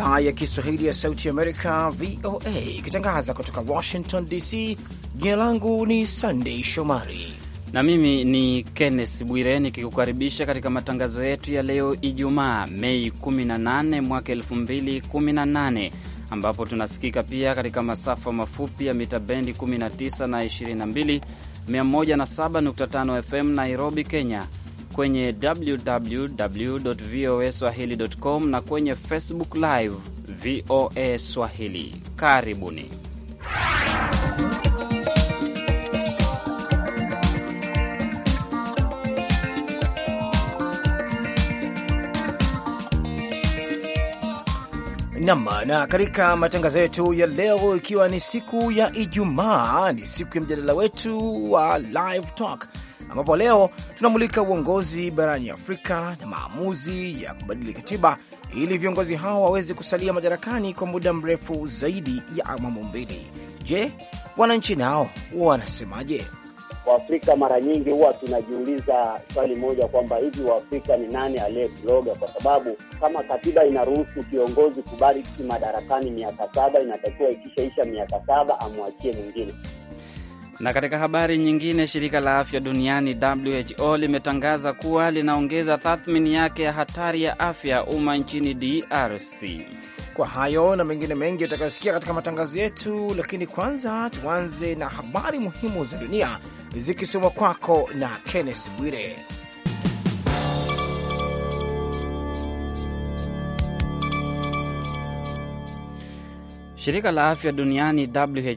idhaa ya Kiswahili ya Sauti Amerika, VOA, ikitangaza kutoka Washington DC. Jina langu ni Sandei Shomari na mimi ni Kenneth Bwire nikikukaribisha katika matangazo yetu ya leo Ijumaa, Mei 18 mwaka 2018 ambapo tunasikika pia katika masafa mafupi ya mita bendi 19 na 22, 107.5 FM Nairobi, Kenya kwenye www voa swahili.com na kwenye Facebook Live VOA Swahili. Karibuni. Nam na katika matangazo yetu ya leo, ikiwa ni siku ya Ijumaa, ni siku ya mjadala wetu wa Live Talk ambapo leo tunamulika uongozi barani Afrika na maamuzi ya kubadili katiba ili viongozi hao waweze kusalia madarakani kwa muda mrefu zaidi ya awamu mbili. Je, wananchi nao wanasemaje? Waafrika mara nyingi huwa tunajiuliza swali moja kwamba hivi Waafrika ni nani aliyekuloga? Kwa sababu kama katiba inaruhusu kiongozi kubaki madarakani miaka saba, inatakiwa ikishaisha miaka saba amwachie mwingine. Na katika habari nyingine, shirika la afya duniani WHO limetangaza kuwa linaongeza tathmini yake ya hatari ya afya ya umma nchini DRC. Kwa hayo na mengine mengi utakayosikia katika matangazo yetu, lakini kwanza tuanze na habari muhimu za dunia zikisomwa kwako na Kenneth Bwire. Shirika la afya duniani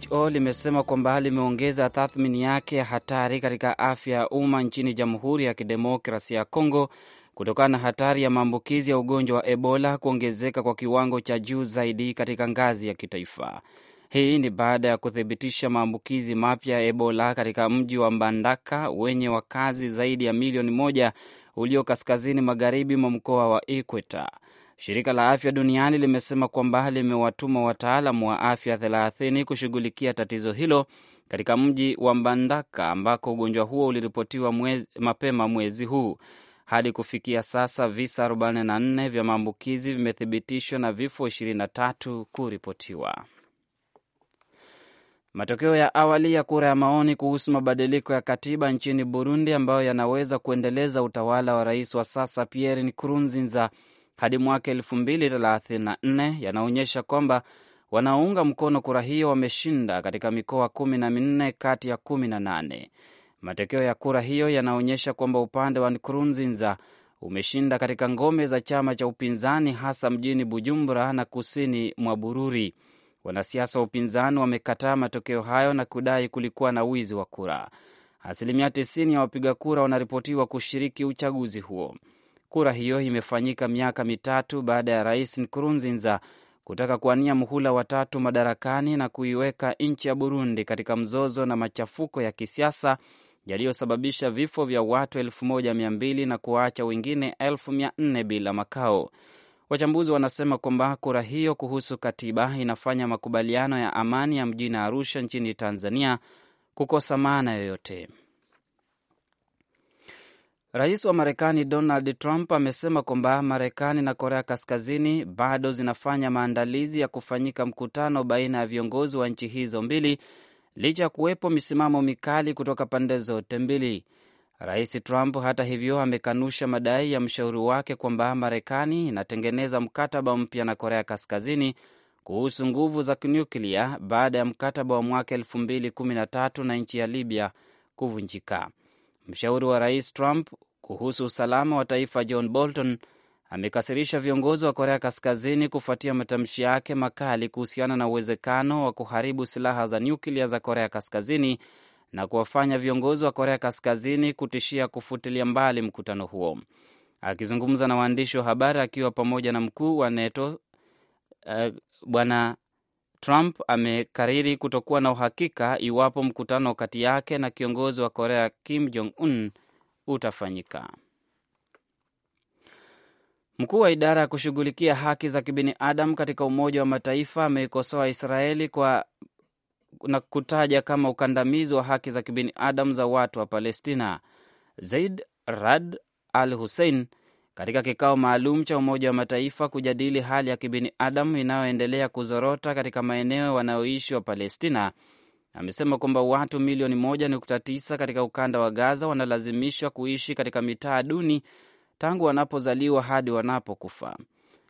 WHO limesema kwamba limeongeza tathmini yake ya hatari katika afya ya umma nchini Jamhuri ya Kidemokrasia ya Kongo kutokana na hatari ya maambukizi ya ugonjwa wa Ebola kuongezeka kwa kiwango cha juu zaidi katika ngazi ya kitaifa. Hii ni baada ya kuthibitisha maambukizi mapya ya Ebola katika mji wa Mbandaka wenye wakazi zaidi ya milioni moja ulio kaskazini magharibi mwa mkoa wa Ikweta. Shirika la Afya Duniani limesema kwamba limewatuma wataalamu wa afya 30 kushughulikia tatizo hilo katika mji wa Mbandaka ambako ugonjwa huo uliripotiwa mwezi, mapema mwezi huu. Hadi kufikia sasa visa 44 vya maambukizi vimethibitishwa na vifo 23 kuripotiwa. Matokeo ya awali ya kura ya maoni kuhusu mabadiliko ya katiba nchini Burundi ambayo yanaweza kuendeleza utawala wa rais wa sasa Pierre Nkurunziza hadi mwaka elfu mbili na nne yanaonyesha kwamba wanaounga mkono kura hiyo wameshinda katika mikoa kumi na minne kati ya kumi na nane. Matokeo ya kura hiyo yanaonyesha kwamba upande wa Nkurunziza umeshinda katika ngome za chama cha upinzani hasa mjini Bujumbura na kusini mwa Bururi. Wanasiasa wa upinzani wamekataa matokeo hayo na kudai kulikuwa na wizi wa kura. Asilimia 90 ya wapiga kura wanaripotiwa kushiriki uchaguzi huo. Kura hiyo imefanyika miaka mitatu baada ya rais Nkurunziza kutaka kuwania muhula watatu madarakani na kuiweka nchi ya Burundi katika mzozo na machafuko ya kisiasa yaliyosababisha vifo vya watu elfu moja mia mbili na kuwaacha wengine elfu mia nne bila makao. Wachambuzi wanasema kwamba kura hiyo kuhusu katiba inafanya makubaliano ya amani ya mjini Arusha nchini Tanzania kukosa maana yoyote. Rais wa Marekani Donald Trump amesema kwamba Marekani na Korea Kaskazini bado zinafanya maandalizi ya kufanyika mkutano baina ya viongozi wa nchi hizo mbili licha ya kuwepo misimamo mikali kutoka pande zote mbili. Rais Trump hata hivyo amekanusha madai ya mshauri wake kwamba Marekani inatengeneza mkataba mpya na Korea Kaskazini kuhusu nguvu za nyuklia baada ya mkataba wa mwaka 2013 na nchi ya Libya kuvunjika. Mshauri wa rais Trump kuhusu usalama wa taifa John Bolton amekasirisha viongozi wa Korea Kaskazini kufuatia matamshi yake makali kuhusiana na uwezekano wa kuharibu silaha za nyuklia za Korea Kaskazini na kuwafanya viongozi wa Korea Kaskazini kutishia kufutilia mbali mkutano huo. Akizungumza na waandishi wa habari akiwa pamoja na mkuu wa NATO uh, bwana Trump amekariri kutokuwa na uhakika iwapo mkutano kati yake na kiongozi wa Korea Kim Jong Un utafanyika. Mkuu wa idara ya kushughulikia haki za kibinadamu katika Umoja wa Mataifa ameikosoa Israeli kwa na kutaja kama ukandamizi wa haki za kibinadamu za watu wa Palestina. Zaid Rad Al Hussein katika kikao maalum cha Umoja wa Mataifa kujadili hali ya kibinadamu inayoendelea kuzorota katika maeneo wanayoishi wa Palestina. Amesema kwamba watu milioni 1.9 katika ukanda wa Gaza wanalazimishwa kuishi katika mitaa duni tangu wanapozaliwa hadi wanapokufa.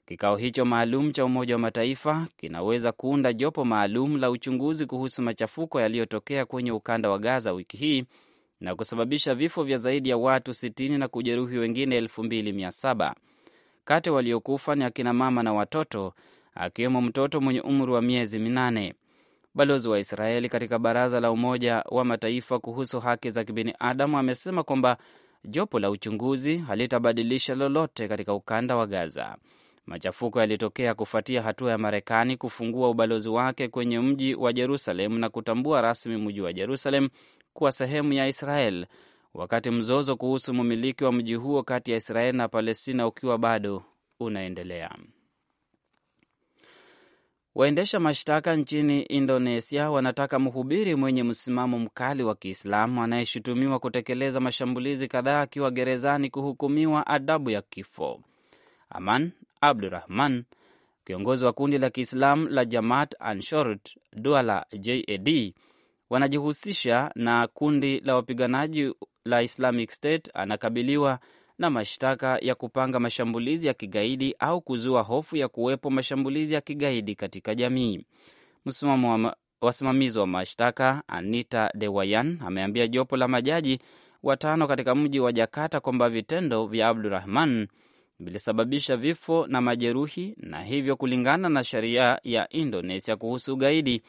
Kikao hicho maalum cha Umoja wa Mataifa kinaweza kuunda jopo maalum la uchunguzi kuhusu machafuko yaliyotokea kwenye ukanda wa Gaza wiki hii na kusababisha vifo vya zaidi ya watu 60 na kujeruhi wengine 2700. Kati waliokufa ni akina mama na watoto, akiwemo mtoto mwenye umri wa miezi minane. Balozi wa Israeli katika Baraza la Umoja wa Mataifa kuhusu haki za kibinadamu amesema kwamba jopo la uchunguzi halitabadilisha lolote katika ukanda wa Gaza. Machafuko yalitokea kufuatia hatua ya Marekani kufungua ubalozi wake kwenye mji wa Jerusalem na kutambua rasmi mji wa Jerusalem kuwa sehemu ya Israel wakati mzozo kuhusu mumiliki wa mji huo kati ya Israel na Palestina ukiwa bado unaendelea. Waendesha mashtaka nchini Indonesia wanataka mhubiri mwenye msimamo mkali wa Kiislamu anayeshutumiwa kutekeleza mashambulizi kadhaa akiwa gerezani kuhukumiwa adabu ya kifo. Aman Abdurahman, kiongozi wa kundi la Kiislamu la Jamaat Ansharut Duala JAD, wanajihusisha na kundi la wapiganaji la Islamic State anakabiliwa na mashtaka ya kupanga mashambulizi ya kigaidi au kuzua hofu ya kuwepo mashambulizi ya kigaidi katika jamii. Wasimamizi wa mashtaka Anita Dewayan ameambia jopo la majaji watano katika mji wa Jakarta kwamba vitendo vya Abdurahman vilisababisha vifo na majeruhi, na hivyo kulingana na sheria ya Indonesia kuhusu ugaidi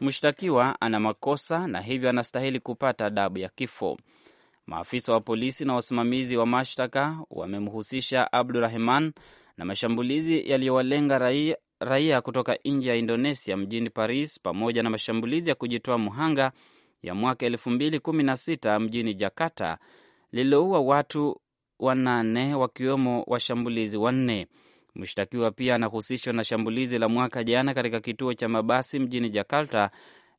Mshtakiwa ana makosa na hivyo anastahili kupata adabu ya kifo. Maafisa wa polisi na wasimamizi wa mashtaka wamemhusisha Abdurahman na mashambulizi yaliyowalenga raia, raia kutoka nje ya Indonesia mjini Paris pamoja na mashambulizi ya kujitoa mhanga ya mwaka elfu mjini Jakarta lililoua watu wanane wakiwemo washambulizi wanne. Mshtakiwa pia anahusishwa na shambulizi la mwaka jana katika kituo cha mabasi mjini Jakarta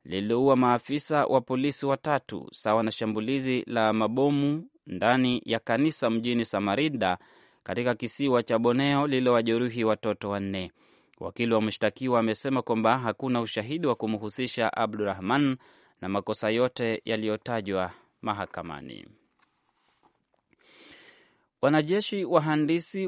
lililoua maafisa wa polisi watatu, sawa na shambulizi la mabomu ndani ya kanisa mjini Samarinda katika kisiwa cha boneo lililowajeruhi watoto wanne. Wakili wa mshtakiwa amesema kwamba hakuna ushahidi wa kumhusisha Abdurahman na makosa yote yaliyotajwa mahakamani. Wanajeshi wahandisi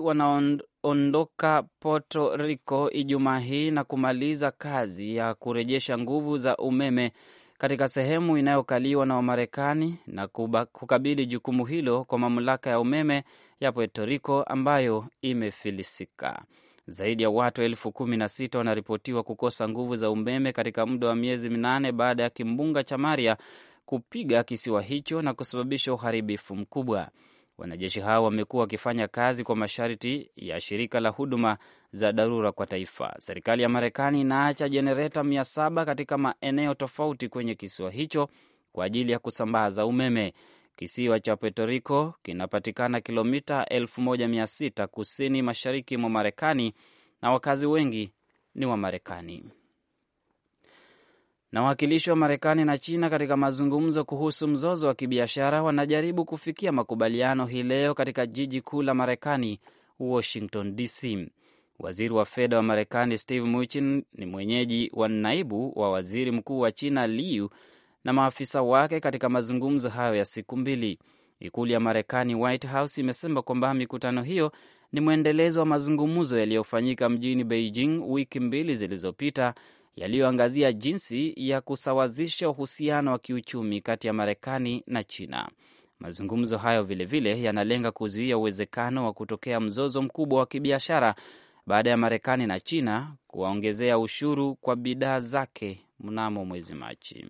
ondoka Puerto Rico Ijumaa hii na kumaliza kazi ya kurejesha nguvu za umeme katika sehemu inayokaliwa na Wamarekani na kukabili jukumu hilo kwa mamlaka ya umeme ya Puerto Rico ambayo imefilisika. Zaidi ya watu elfu kumi na sita wanaripotiwa kukosa nguvu za umeme katika muda wa miezi minane baada ya kimbunga cha Maria kupiga kisiwa hicho na kusababisha uharibifu mkubwa. Wanajeshi hao wamekuwa wakifanya kazi kwa masharti ya shirika la huduma za dharura kwa taifa. Serikali ya Marekani inaacha jenereta mia saba katika maeneo tofauti kwenye kisiwa hicho kwa ajili ya kusambaza umeme. Kisiwa cha Puerto Rico kinapatikana kilomita 1600 kusini mashariki mwa Marekani na wakazi wengi ni wa Marekani na wawakilishi wa Marekani na China katika mazungumzo kuhusu mzozo wa kibiashara wanajaribu kufikia makubaliano hii leo katika jiji kuu la Marekani, Washington DC. Waziri wa fedha wa Marekani Steve Mnuchin ni mwenyeji wa naibu wa waziri mkuu wa China Liu na maafisa wake katika mazungumzo hayo ya siku mbili. Ikulu ya Marekani, White House, imesema kwamba mikutano hiyo ni mwendelezo wa mazungumzo yaliyofanyika mjini Beijing wiki mbili zilizopita yaliyoangazia jinsi ya kusawazisha uhusiano wa kiuchumi kati ya Marekani na China. Mazungumzo hayo vilevile yanalenga kuzuia uwezekano wa kutokea mzozo mkubwa wa kibiashara baada ya Marekani na China kuwaongezea ushuru kwa bidhaa zake mnamo mwezi Machi.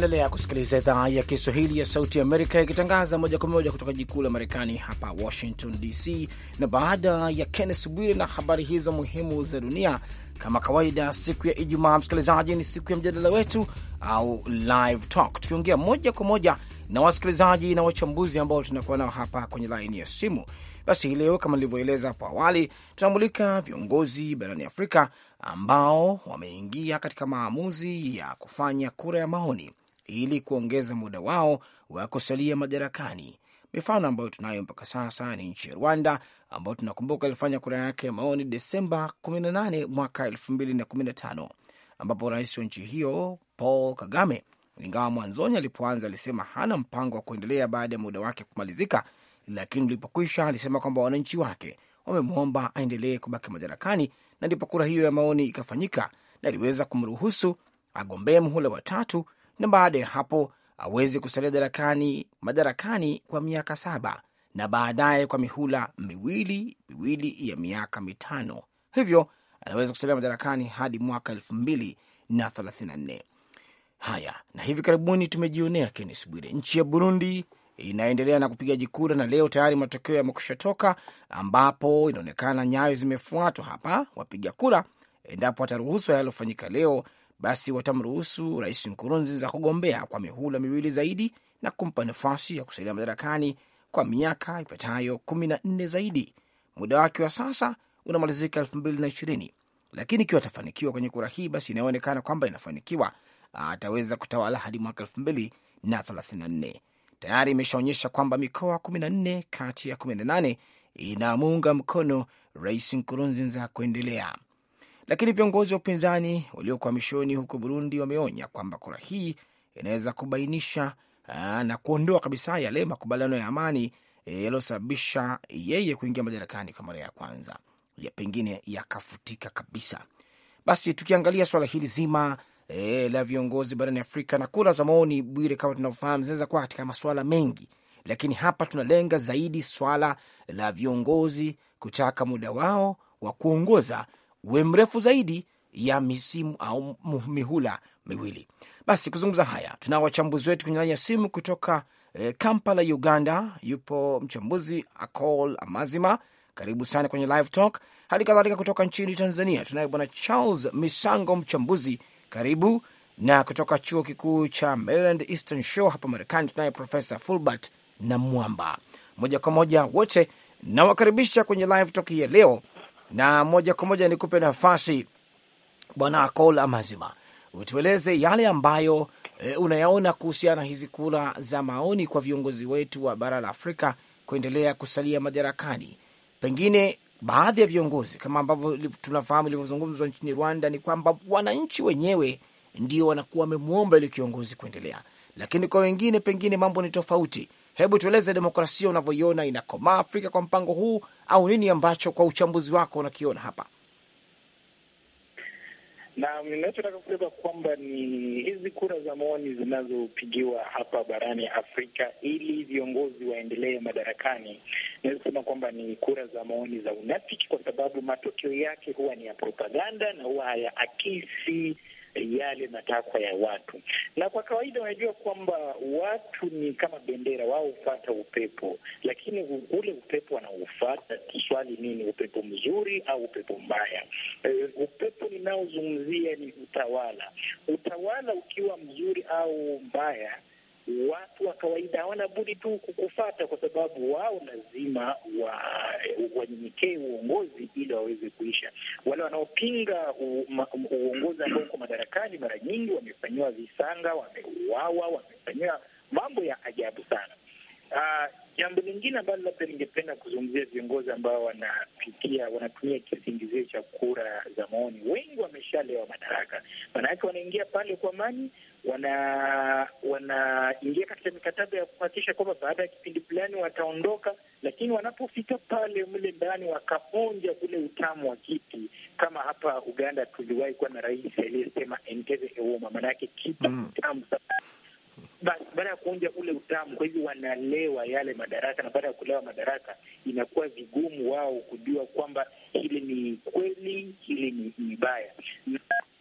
Unaendelea kusikiliza idhaa ya Kiswahili ya Sauti ya Amerika ikitangaza moja kwa moja kutoka jiji kuu la Marekani hapa Washington DC. Na baada ya Kennes Bwire na habari hizo muhimu za dunia, kama kawaida, siku ya Ijumaa msikilizaji, ni siku ya mjadala wetu au live talk, tukiongea moja kwa moja na wasikilizaji na wachambuzi ambao tunakuwa nao hapa kwenye laini ya simu. Basi hii leo kama nilivyoeleza hapo awali, tunamulika viongozi barani Afrika ambao wameingia katika maamuzi ya kufanya kura ya maoni ili kuongeza muda wao wa kusalia madarakani. Mifano ambayo tunayo mpaka sasa ni nchi ya Rwanda ambayo tunakumbuka ilifanya kura yake ya maoni Desemba 18 mwaka 2015 ambapo rais wa nchi hiyo Paul Kagame, ingawa mwanzoni alipoanza alisema hana mpango wa kuendelea baada ya muda wake kumalizika, lakini ulipokwisha alisema kwamba wananchi wake wamemwomba aendelee kubaki madarakani, na ndipo kura hiyo ya maoni ikafanyika na iliweza kumruhusu agombee muhula wa tatu na baada ya hapo aweze kusalia darakani madarakani kwa miaka saba na baadaye kwa mihula miwili miwili ya miaka mitano. Hivyo anaweza kusalia madarakani hadi mwaka elfu mbili na thelathini na nne. Haya, na hivi karibuni tumejionea, Kennes Bwire, nchi ya Burundi inaendelea na kupigaji kura, na leo tayari matokeo yamekusha toka, ambapo inaonekana nyayo zimefuatwa hapa. Wapiga kura, endapo wataruhusu yalofanyika leo, basi watamruhusu Rais Nkurunziza kugombea kwa mihula miwili zaidi na kumpa nafasi ya kusalia madarakani kwa miaka ipatayo kumi na nne zaidi. Muda wake wa sasa unamalizika elfu mbili na ishirini, lakini ikiwa atafanikiwa kwenye kura hii, basi inayoonekana kwamba inafanikiwa, ataweza kutawala hadi mwaka elfu mbili na thelathini na nne. Tayari imeshaonyesha kwamba mikoa kumi na nne kati ya kumi na nane inamuunga mkono Rais Nkurunziza kuendelea. Lakini viongozi wa upinzani waliokwamishoni huko Burundi wameonya kwamba kura hii inaweza kubainisha aa, ah, na kuondoa kabisa yale makubaliano ya amani e, yaliyosababisha yeye kuingia madarakani kwa mara ya kwanza, ya pengine yakafutika kabisa. Basi tukiangalia swala hili zima e, la viongozi barani Afrika na kura za maoni, Bwire, kama tunavyofahamu, zinaweza kuwa katika masuala mengi, lakini hapa tunalenga zaidi swala la viongozi kutaka muda wao wa kuongoza uwe mrefu zaidi ya misimu au mihula miwili. Basi kuzungumza haya, tunao wachambuzi wetu kwenye laini ya simu kutoka eh, Kampala, Uganda. Yupo mchambuzi Acol Amazima, karibu sana kwenye Live Talk. Hali kadhalika kutoka nchini Tanzania tunaye bwana Charles Misango, mchambuzi, karibu. Na kutoka chuo kikuu cha Maryland Eastern Shore hapa Marekani tunaye Profesa Fulbert na Mwamba. Moja kwa moja wote nawakaribisha kwenye Live Talk ya leo na moja kwa moja nikupe nafasi Bwana Akol amazima utueleze yale ambayo e, unayaona kuhusiana na hizi kura za maoni kwa viongozi wetu wa bara la Afrika kuendelea kusalia madarakani. Pengine baadhi ya viongozi kama ambavyo tunafahamu ilivyozungumzwa nchini Rwanda ni kwamba wananchi wenyewe ndio wanakuwa wamemwomba ili kiongozi kuendelea lakini kwa wengine pengine mambo ni tofauti. Hebu tueleze demokrasia unavyoiona inakomaa Afrika kwa mpango huu, au nini ambacho kwa uchambuzi wako unakiona hapa? na ninachotaka kusema kwamba ni hizi kura za maoni zinazopigiwa hapa barani Afrika ili viongozi waendelee madarakani, naweza kusema kwamba ni kura za maoni za unafiki, kwa sababu matokeo yake huwa ni ya propaganda na huwa hayaakisi yale matakwa ya watu. Na kwa kawaida unajua kwamba watu ni kama bendera, wao hufata upepo, lakini ule upepo wanaofata, swali nini, upepo mzuri au upepo mbaya? E, upepo ninaozungumzia ni utawala. Utawala ukiwa mzuri au mbaya watu wa kawaida hawana budi tu kukufata, kwa sababu wao lazima wanyenyekee wa uongozi ili waweze kuisha. Wale wanaopinga uongozi ambao uko madarakani mara nyingi wamefanyiwa visanga, wameuawa, wamefanyiwa mambo ya ajabu sana. Uh, jambo lingine ambalo labda ningependa kuzungumzia viongozi ambao wanapitia wanatumia kisingizio cha kura za maoni, wengi wameshalewa madaraka, maanake wanaingia pale kwa amani wana wanaingia katika mikataba ya kuhakikisha kwamba baada ya kipindi fulani wataondoka, lakini wanapofika pale mle ndani wakaonja kule utamu wa kiti. Kama hapa Uganda tuliwahi kuwa na rais aliyesema enkeze euma, maanayake kita utamu mm. sana. Basi baada ya kuonja ule utamu, kwa hivyo wanalewa yale madaraka, na baada ya kulewa madaraka inakuwa vigumu wao kujua kwamba hili ni kweli, hili ni, ni baya,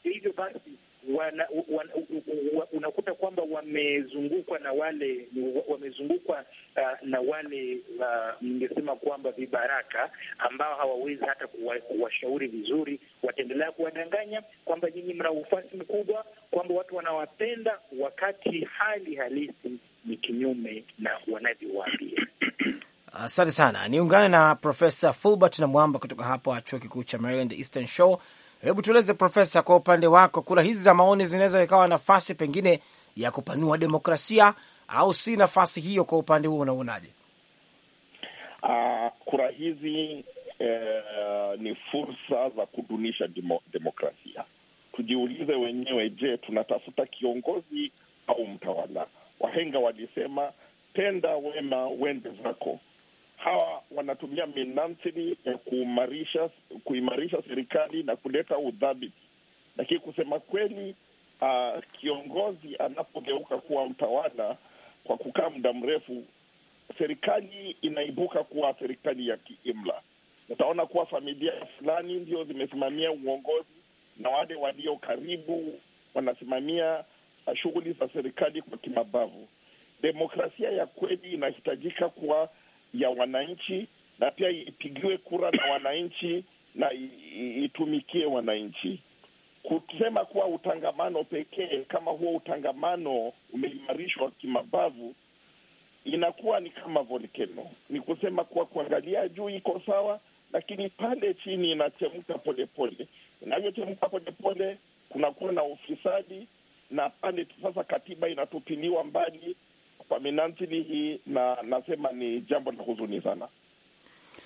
hivyo basi wana, wana, unakuta kwamba wamezungukwa na wale wamezungukwa uh, na wale uh, ningesema uh, kwamba vibaraka ambao hawawezi hata kuwashauri kuwa vizuri, wataendelea kuwadanganya kwamba nyinyi mna ufasi mkubwa, kwamba watu wanawapenda, wakati hali halisi ni kinyume na wanavyowaambia. Asante sana, niungane na Profesa Fulbert na Mwamba kutoka hapa Chuo Kikuu cha Maryland Eastern Shore Hebu tueleze Profesa, kwa upande wako, kura hizi za maoni zinaweza ikawa nafasi pengine ya kupanua demokrasia au si nafasi hiyo? Kwa upande huo unaonaje? Uh, ah, kura hizi eh, ni fursa za kudunisha demo, demokrasia. Tujiulize wenyewe, je, tunatafuta kiongozi au mtawala? Wahenga walisema tenda wema, wende zako hawa wanatumia minansili ya kuimarisha kuimarisha serikali na kuleta udhabiti, lakini kusema kweli, uh, kiongozi anapogeuka kuwa mtawala kwa kukaa muda mrefu, serikali inaibuka kuwa serikali ya kiimla. Utaona kuwa familia fulani ndio zimesimamia uongozi na wale walio karibu wanasimamia ah, shughuli za serikali kwa kimabavu. Demokrasia ya kweli inahitajika kuwa ya wananchi na pia ipigiwe kura na wananchi na itumikie wananchi. Kusema kuwa utangamano pekee, kama huo utangamano umeimarishwa kimabavu, inakuwa ni kama volkeno. Ni kusema kuwa kuangalia juu iko sawa, lakini pale chini inachemka polepole. Inavyochemka polepole, kunakuwa na ufisadi, na pale sasa katiba inatupiliwa mbali kwa minajili hii, na nasema ni jambo la huzuni sana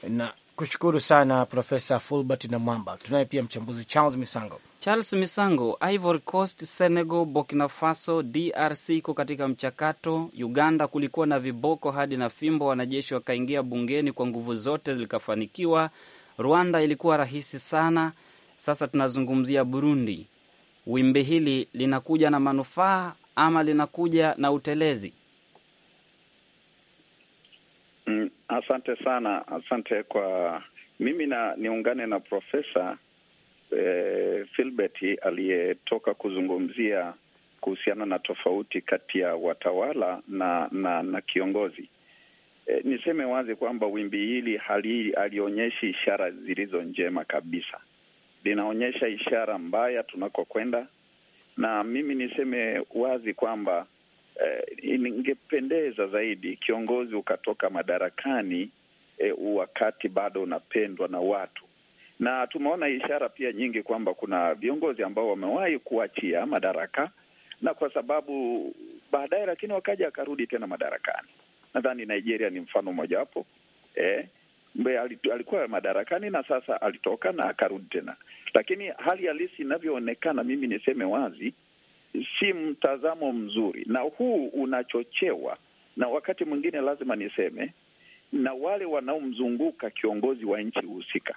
na kushukuru sana Profesa Fulbert na Mwamba. Tunaye pia mchambuzi Charles Misango. Charles Misango, Ivory Coast, Senegal, Burkina Faso, DRC iko katika mchakato. Uganda kulikuwa na viboko hadi na fimbo, wanajeshi wakaingia bungeni kwa nguvu zote, likafanikiwa. Rwanda ilikuwa rahisi sana. Sasa tunazungumzia Burundi. Wimbi hili linakuja na manufaa ama linakuja na utelezi? Asante sana, asante kwa mimi na niungane na Profesa eh, aliyetoka kuzungumzia kuhusiana na tofauti kati ya watawala na na, na kiongozi. E, niseme wazi kwamba wimbi hili hali alionyeshi ishara zilizo njema kabisa, linaonyesha ishara mbaya tunakokwenda, na mimi niseme wazi kwamba Eh, ingependeza zaidi kiongozi ukatoka madarakani eh, wakati bado unapendwa na watu, na tumeona ishara pia nyingi kwamba kuna viongozi ambao wamewahi kuachia madaraka na kwa sababu baadaye, lakini wakaja akarudi tena madarakani. Nadhani Nigeria ni mfano mmojawapo eh, alikuwa madarakani na sasa alitoka na akarudi tena, lakini hali halisi inavyoonekana, mimi niseme wazi si mtazamo mzuri, na huu unachochewa na wakati mwingine, lazima niseme, na wale wanaomzunguka kiongozi wa nchi husika.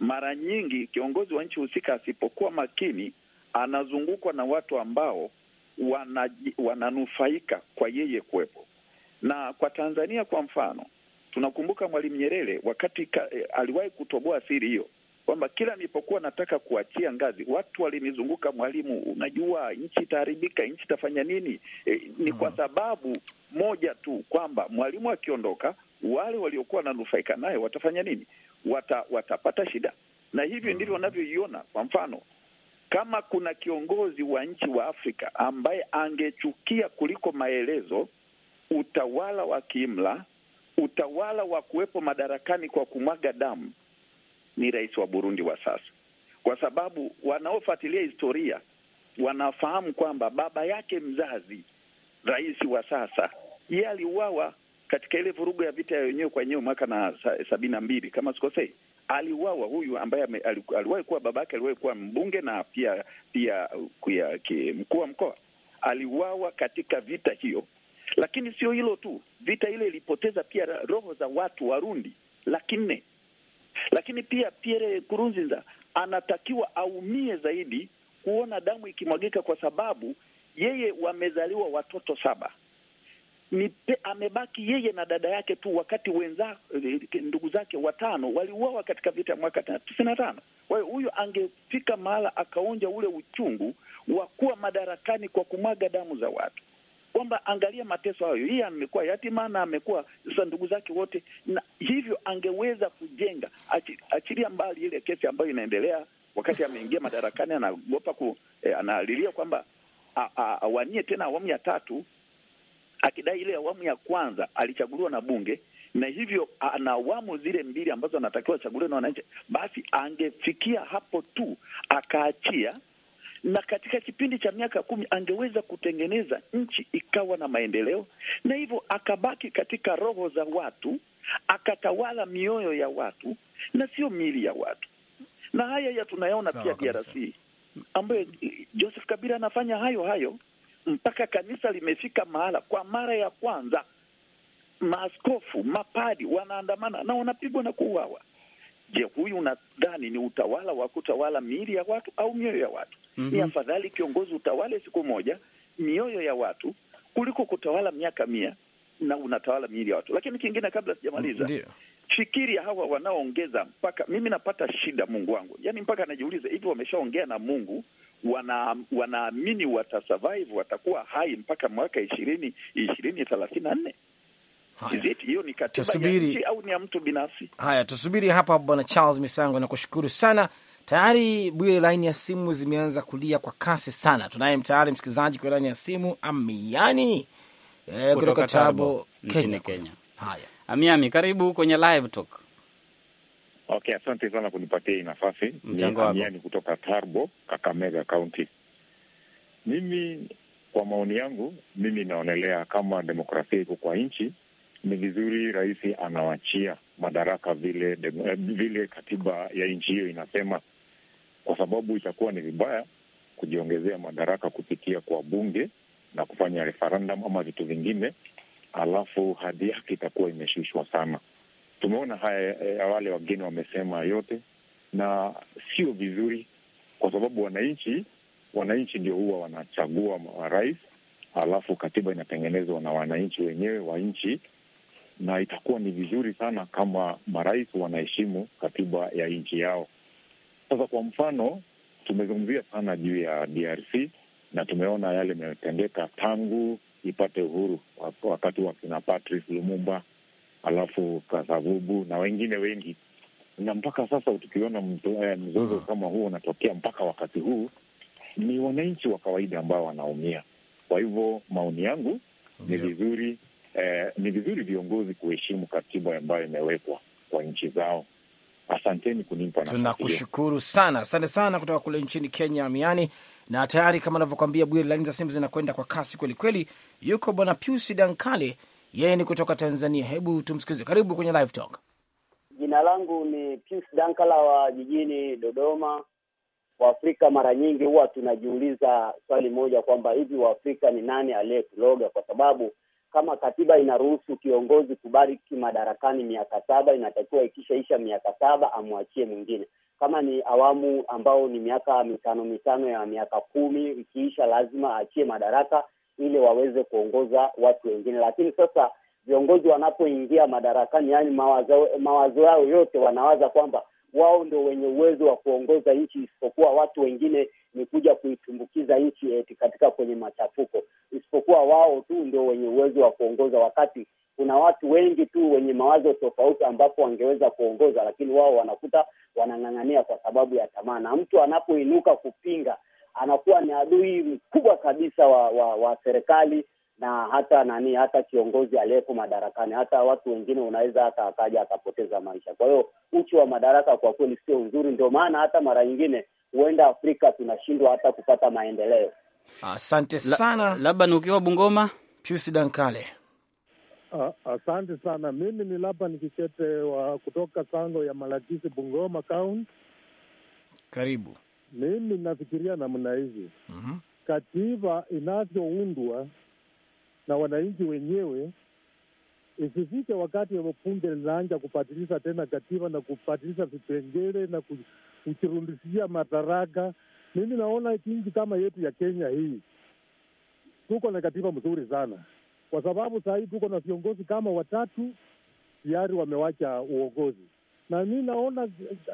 Mara nyingi kiongozi wa nchi husika asipokuwa makini, anazungukwa na watu ambao wana, wananufaika kwa yeye kuwepo. Na kwa Tanzania kwa mfano, tunakumbuka Mwalimu Nyerere wakati eh, aliwahi kutoboa siri hiyo kwamba kila nilipokuwa nataka kuachia ngazi watu walinizunguka, mwalimu, unajua nchi itaharibika, nchi itafanya nini? E, ni kwa mm. sababu moja tu kwamba mwalimu akiondoka, wale waliokuwa wananufaika naye watafanya nini? Wata, watapata shida, na hivyo mm. ndivyo wanavyoiona. Kwa mfano kama kuna kiongozi wa nchi wa Afrika ambaye angechukia kuliko maelezo utawala wa kiimla, utawala wa kuwepo madarakani kwa kumwaga damu ni rais wa Burundi wa sasa, kwa sababu wanaofuatilia historia wanafahamu kwamba baba yake mzazi, rais wa sasa, yeye aliuawa katika ile vurugu ya vita ya wenyewe kwa wenyewe mwaka na sabini na mbili kama sikosei, aliuawa huyu ambaye aliwahi kuwa baba yake, aliwahi kuwa mbunge na pia pia mkuu wa mkoa, aliuawa katika vita hiyo. Lakini sio hilo tu, vita ile ilipoteza pia roho za watu Warundi laki nne lakini pia Pierre Kurunzinza anatakiwa aumie zaidi kuona damu ikimwagika, kwa sababu yeye wamezaliwa watoto saba ni pe, amebaki yeye na dada yake tu, wakati wenza eh, ndugu zake watano waliuawa katika vita ya mwaka tisini na tano. Kwa hiyo huyu angefika mahala akaonja ule uchungu wa kuwa madarakani kwa kumwaga damu za watu kwamba angalia mateso hayo, yeye amekuwa yatima na amekuwa sasa ndugu zake wote, na hivyo angeweza kujenga, achilia mbali ile kesi ambayo inaendelea wakati ameingia madarakani, anaogopa ku, eh, analilia kwamba awanie tena awamu ya tatu, akidai ile awamu ya kwanza alichaguliwa na bunge na hivyo ana awamu zile mbili ambazo anatakiwa achaguliwe na wananchi, basi angefikia hapo tu akaachia na katika kipindi cha miaka kumi angeweza kutengeneza nchi ikawa na maendeleo, na hivyo akabaki katika roho za watu, akatawala mioyo ya watu na sio miili ya watu. Na haya ya tunayaona pia DRC, ambayo Joseph Kabila anafanya hayo hayo mpaka kanisa limefika mahala, kwa mara ya kwanza maaskofu, mapadi wanaandamana na wanapigwa na kuuawa. Je, huyu unadhani ni utawala wa kutawala miili ya watu au mioyo ya watu? mm -hmm. Ni afadhali kiongozi utawale siku moja mioyo ya watu kuliko kutawala miaka mia na unatawala miili ya watu. Lakini kingine, kabla sijamaliza mm -hmm. Fikiria hawa wanaoongeza mpaka mimi napata shida, Mungu wangu, yaani mpaka anajiuliza hivi, wameshaongea na Mungu, wana wanaamini watasurvive, watakuwa hai mpaka mwaka ishirini ishirini thelathini na nne. Hiyo ni katiba ya au ni ya mtu binafsi? Haya, tusubiri hapa. Bwana Charles Misango, nakushukuru sana. Tayari Bwire, laini ya simu zimeanza kulia kwa kasi sana. Tunaye mtayari msikilizaji kwa laini ya simu, Amiani e, kutoka Tabo Kenya, Kenya. Haya Amiami, karibu kwenye live talk. Okay, asante sana kunipatia hii nafasi. Mchango wako. Amiani kutoka Tarbo, Kakamega County. Mimi kwa maoni yangu, mimi naonelea kama demokrasia iko kwa nchi, ni vizuri rais anawachia madaraka vile, eh, vile katiba ya nchi hiyo inasema kwa sababu itakuwa ni vibaya kujiongezea madaraka kupitia kwa bunge na kufanya referendum ama vitu vingine, alafu hadhi yake itakuwa imeshushwa sana. Tumeona haya ya eh, wale wageni wamesema yote, na sio vizuri, kwa sababu wananchi wananchi ndio huwa wanachagua rais, alafu katiba inatengenezwa na wananchi wenyewe wa nchi, na itakuwa ni vizuri sana kama marais wanaheshimu katiba ya nchi yao. Sasa kwa mfano, tumezungumzia sana juu ya DRC na tumeona yale imetendeka tangu ipate uhuru, wakati wa kina Patrice Lumumba alafu Kasavubu na wengine wengi, na mpaka sasa tukiona eh, mzozo mm. kama huo unatokea mpaka wakati huu, ni wananchi wa kawaida ambao wanaumia. Kwa hivyo maoni yangu ni vizuri, eh, ni vizuri viongozi kuheshimu katiba ambayo imewekwa kwa nchi zao Asanteni kunipa nafasi. Tunakushukuru sana, asante sana, kutoka kule nchini Kenya Miani. Na tayari kama anavyokwambia Bwire, laini za simu zinakwenda kwa kasi kwelikweli. Yuko bwana Piusi Dankale, yeye ni kutoka Tanzania. Hebu tumsikilize. Karibu kwenye Live Talk. Jina langu ni Piusi Dankala wa jijini Dodoma. Waafrika mara nyingi huwa tunajiuliza swali moja kwamba hivi Waafrika ni nani aliyetuloga? Kwa sababu kama katiba inaruhusu kiongozi kubariki madarakani miaka saba, inatakiwa ikishaisha miaka saba amwachie mwingine. Kama ni awamu ambao ni miaka mitano mitano ya miaka kumi, ikiisha lazima aachie madaraka ili waweze kuongoza watu wengine. Lakini sasa viongozi wanapoingia madarakani, yaani mawazo, mawazo yao yote wanawaza kwamba wao ndio wenye uwezo wa kuongoza nchi, isipokuwa watu wengine ni kuja kuitumbukiza nchi eti katika kwenye machafuko, isipokuwa wao tu ndio wenye uwezo wa kuongoza, wakati kuna watu wengi tu wenye mawazo tofauti ambapo wangeweza kuongoza, lakini wao wanakuta wanang'ang'ania kwa sababu ya tamaa, na mtu anapoinuka kupinga anakuwa ni adui mkubwa kabisa wa, wa, wa serikali na hata nani, hata kiongozi aliyeko madarakani, hata watu wengine unaweza hata akaja akapoteza maisha. Kwa hiyo uchu wa madaraka kwa kweli sio nzuri, ndio maana hata mara nyingine huenda Afrika tunashindwa hata kupata maendeleo. Asante sana La, labda ukiwa Bungoma Pius Dankale. Asante sana, mimi ni labda Kikete wa kutoka sango ya Malakisi, Bungoma County. Karibu. Mimi nafikiria namna hizi mm -hmm. Katiba inavyoundwa na wananchi wenyewe, isifike wakati bunge linaanja kupatiliza tena katiba na kupatiliza vipengele na kujirundishia madaraka. Mimi naona nchi kama yetu ya Kenya hii tuko na katiba mzuri sana, kwa sababu saa hii tuko na viongozi kama watatu tayari wamewacha uongozi, na mi naona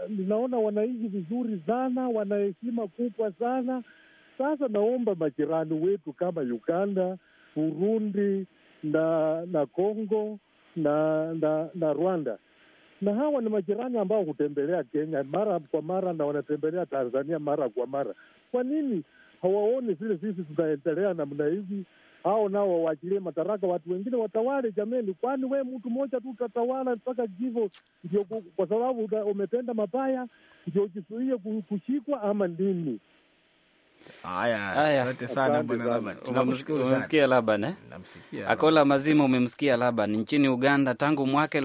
ninaona wanaishi vizuri sana, wana heshima kubwa sana. Sasa naomba majirani wetu kama Uganda, Burundi na na Congo na, na, na Rwanda na hawa ni majirani ambao hutembelea Kenya mara kwa mara na wanatembelea Tanzania mara kwa mara. Kwa nini hawaoni vile sisi tunaendelea namna hivi? Hao nao wawachilie madaraka, watu wengine watawale. Jameni, kwani we mtu mmoja tu utatawala mpaka jivo? Ndio kwa sababu umetenda mabaya ndio jizuie kushikwa ama nini? Haya, asante sana bwana Laban, Laban eh? Akola mazima, umemsikia Laban. Nchini Uganda tangu mwaka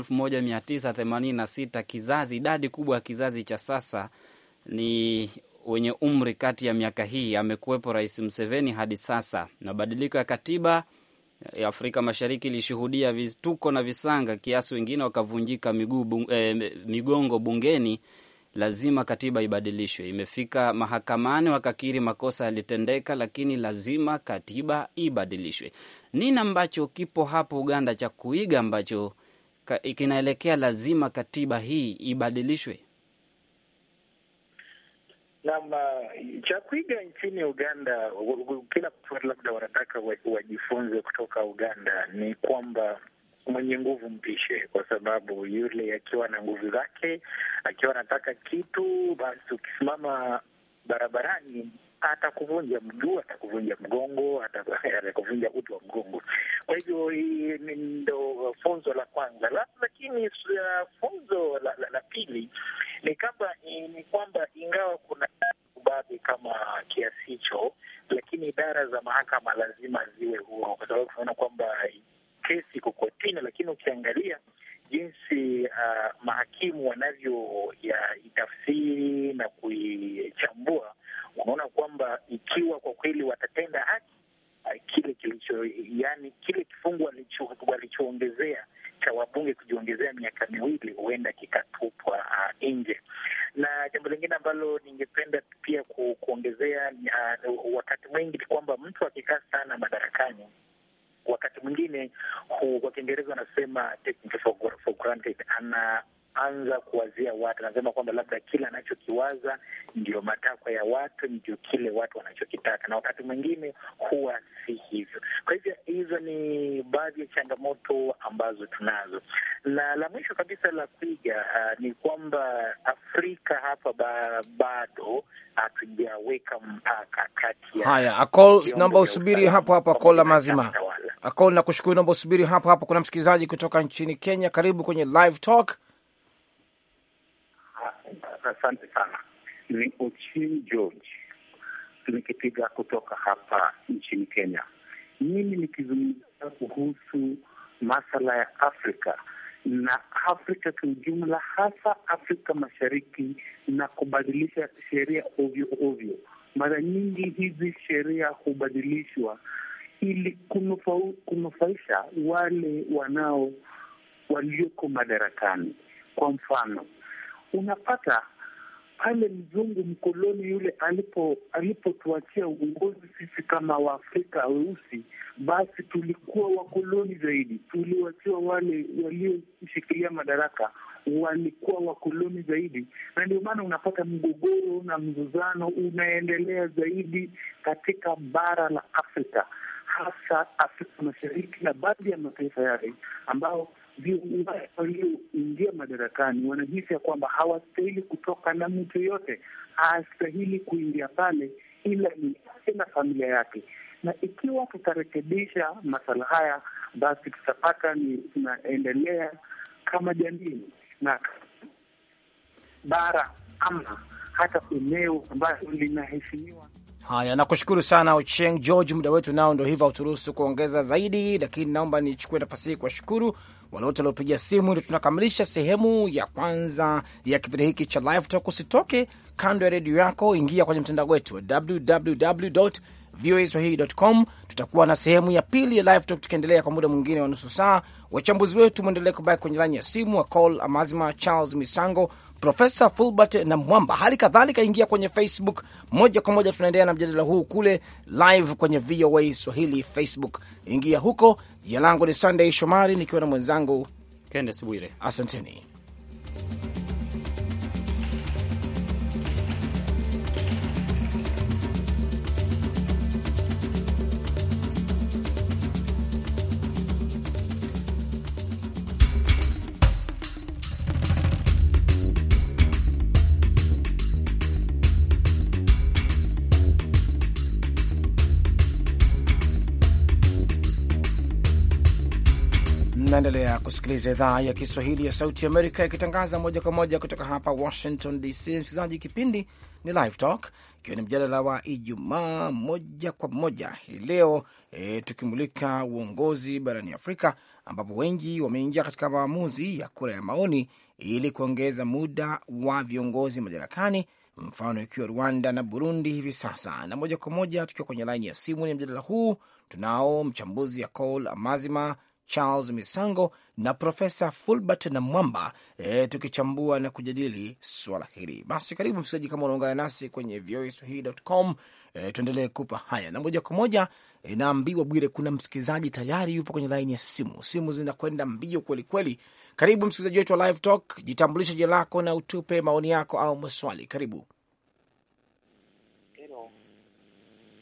sita. kizazi, idadi kubwa ya kizazi cha sasa ni wenye umri kati ya miaka hii. Amekuwepo Rais Mseveni hadi sasa. Mabadiliko ya katiba ya Afrika Mashariki ilishuhudia vituko na visanga kiasi, wengine wakavunjika miguu, eh, migongo bungeni lazima katiba ibadilishwe. Imefika mahakamani wakakiri makosa yalitendeka, lakini lazima katiba ibadilishwe. Nini ambacho kipo hapo Uganda cha kuiga ambacho kinaelekea lazima katiba hii ibadilishwe? Naam, uh, cha kuiga nchini Uganda, kila labda wanataka wajifunze kutoka Uganda ni kwamba mwenye nguvu mpishe, kwa sababu yule akiwa na nguvu zake, akiwa anataka kitu, basi ukisimama barabarani atakuvunja mguu, atakuvunja mgongo, atakuvunja uti wa mgongo. Kwa hivyo hii ndo funzo la kwanza la, lakini uh, funzo la, la, la pili ni kama ni kwamba ingawa kuna baadhi kama kiasi hicho, lakini idara za mahakama lazima ziwe huru, kwa sababu tunaona kwamba kesi iko kotini, lakini ukiangalia jinsi uh, mahakimu itafsiri na kuichambua, unaona kwamba ikiwa kwa kweli watatenda haki uh, kile kilicho yani, kile kifungu walichoongezea cha wabunge kujiongezea miaka miwili huenda kikatupwa uh, nje. Na jambo lingine ambalo ningependa pia ku, kuongezea uh, wakati mwingi ni kwamba mtu akikaa sana madarakani wakati mwingine, kwa Kiingereza wanasema for granted, ana anza kuwazia watu, anasema kwamba labda kile anachokiwaza ndio matakwa ya watu, ndio kile watu wanachokitaka, na wakati mwingine huwa si hivyo. Kwa hivyo hizo ni baadhi ya changamoto ambazo tunazo, na la mwisho kabisa la kuiga uh, ni kwamba Afrika hapa ba, bado hatujaweka mpaka kati ya haya akol. Naomba usubiri hapo hapo, Akol mazima Akol, nakushukuru. Naomba usubiri hapo hapo, kuna msikilizaji kutoka nchini Kenya. Karibu kwenye live talk. Asante sana. Ni Ochieng George nikipiga kutoka hapa nchini Kenya. Mimi nikizungumzia kuhusu masala ya Afrika na Afrika kiujumla, hasa Afrika Mashariki na kubadilisha sheria ovyo ovyo. Mara nyingi hizi sheria hubadilishwa ili kunufaisha wale wanao walioko madarakani. Kwa mfano, unapata pale mzungu mkoloni yule alipo alipotuachia uongozi sisi kama Waafrika weusi, basi tulikuwa wakoloni zaidi. Tuliwachiwa wale walioshikilia madaraka walikuwa wakoloni zaidi, na ndio maana unapata mgogoro na mzuzano unaendelea zaidi katika bara la Afrika, hasa Afrika Mashariki na baadhi ya mataifa yale ambao walioingia madarakani wanajisi ya kwamba hawastahili kutoka na mtu yoyote, hastahili kuingia pale ila ni na familia yake. Na ikiwa tutarekebisha masala haya, basi tutapata ni tunaendelea kama jamii na bara ama hata eneo ambalo linaheshimiwa. Haya, nakushukuru sana Ocheng George, muda wetu nao ndo hivyo, uturuhusu kuongeza zaidi, lakini naomba nichukue nafasi hii kuwashukuru wale wote waliopiga simu. Ndio tunakamilisha sehemu ya kwanza ya kipindi hiki cha Live Talk. Usitoke kando ya redio yako, ingia kwenye mtandao wetu wa www voaswahili.com. Tutakuwa na sehemu ya pili ya Live Talk tukiendelea kwa muda mwingine wa nusu saa. Wachambuzi wetu mwendelee kubaki kwenye laini ya simu. Akol Amazima Charles Misango Profesa Fulbert na Mwamba hali kadhalika. Ingia kwenye Facebook moja kwa moja, tunaendelea na mjadala huu kule live kwenye VOA Swahili Facebook, ingia huko. Jina langu ni Sunday Shomari nikiwa na mwenzangu Kenneth Bwire, asanteni. Unaendelea kusikiliza idhaa ya Kiswahili ya Sauti Amerika ikitangaza moja kwa moja kutoka hapa Washington DC. Msikilizaji, kipindi ni Live Talk ikiwa ni mjadala wa Ijumaa moja kwa moja hii leo e, tukimulika uongozi barani Afrika ambapo wengi wameingia katika maamuzi ya kura ya maoni ili kuongeza muda wa viongozi madarakani, mfano ikiwa Rwanda na Burundi hivi sasa. Na moja kwa moja tukiwa kwenye laini ya simu ni mjadala huu, tunao mchambuzi Acol Amazima Charles Misango na Profesa Fulbert na Mwamba e, tukichambua na kujadili swala hili. Basi karibu msikilizaji, kama unaungana nasi kwenye voaswahili.com e, tuendelee kupa haya na moja kwa moja e, naambiwa Bwire, kuna msikilizaji tayari yupo kwenye laini ya simu. Simu zinakwenda mbio kwelikweli. Karibu msikilizaji wetu wa Live Talk, jitambulishe jina lako na utupe maoni yako au maswali. Karibu.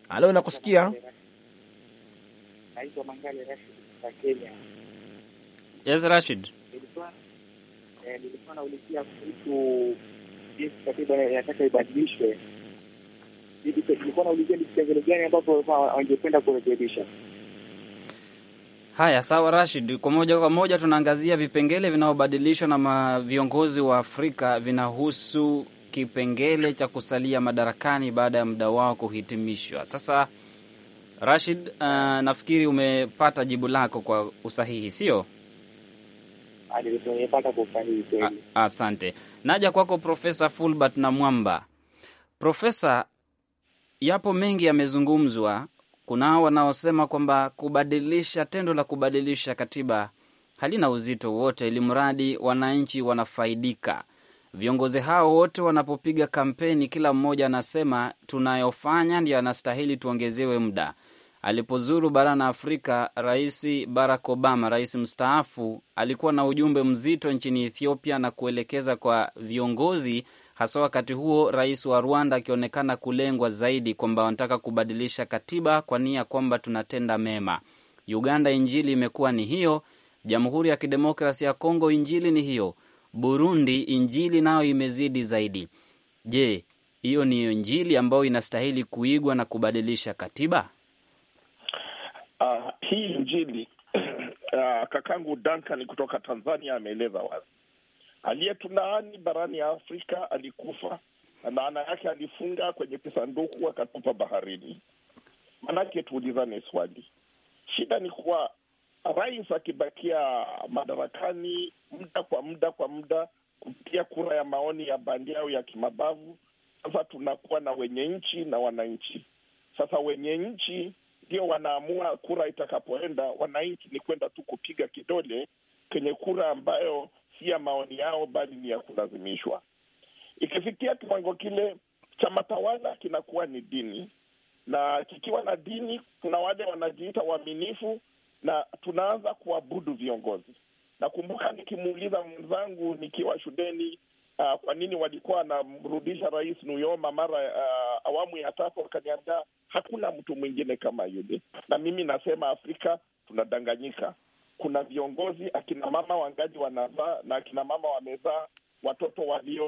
Halo, nakusikia. Naitwa Rashid za Kenya. Yes, Rashid, nilikuwa eh, naulizia kuhusu jinsi katiba inataka ibadilishwe. Nilikuwa naulizia ni kipengele gani ambapo wangependa kurekebisha. Haya, sawa Rashid, kwa moja kwa moja tunaangazia vipengele vinavyobadilishwa na viongozi wa Afrika. Vinahusu kipengele cha kusalia madarakani baada ya muda wao kuhitimishwa. Sasa Rashid, uh, nafikiri umepata jibu lako kwa usahihi, sio? Asante. Naja kwako Profesa Fulbert na Mwamba. Profesa, yapo mengi yamezungumzwa. Kunao wanaosema kwamba kubadilisha, tendo la kubadilisha katiba halina uzito wote, ili mradi wananchi wanafaidika. Viongozi hao wote wanapopiga kampeni, kila mmoja anasema tunayofanya ndio anastahili tuongezewe muda alipozuru barani Afrika, Rais Barack Obama, rais mstaafu, alikuwa na ujumbe mzito nchini Ethiopia na kuelekeza kwa viongozi, hasa wakati huo rais wa Rwanda akionekana kulengwa zaidi, kwamba wanataka kubadilisha katiba kwa nia kwamba tunatenda mema. Uganda injili imekuwa ni hiyo. Jamhuri ya Kidemokrasi ya Kongo injili ni hiyo. Burundi injili nayo imezidi zaidi. Je, hiyo ni injili ambayo inastahili kuigwa na kubadilisha katiba? Uh, hii injili uh, kakangu Duncan kutoka Tanzania ameeleza wazi, aliyetulaani barani ya Afrika alikufa, na maana yake alifunga kwenye kisanduku akatupa baharini. Manake tuulizane swali, shida ni kuwa rais akibakia madarakani muda kwa muda kwa muda kupitia kura ya maoni ya bandia au ya kimabavu, sasa tunakuwa na wenye nchi na wananchi. Sasa wenye nchi ndio wanaamua kura itakapoenda, wananchi ni kwenda tu kupiga kidole kwenye kura ambayo si ya maoni yao, bali ni ya kulazimishwa. Ikifikia kiwango kile, chama tawala kinakuwa ni dini, na kikiwa na dini, kuna wale wanajiita waaminifu, na tunaanza kuabudu viongozi. Nakumbuka nikimuuliza mwenzangu nikiwa shuleni uh, kwa nini walikuwa wanamrudisha Rais Nuyoma mara uh, awamu ya tatu? Wakaniambia hakuna mtu mwingine kama yule. Na mimi nasema Afrika tunadanganyika. Kuna viongozi akina mama wangaji wanazaa na akina mama wamezaa watoto walio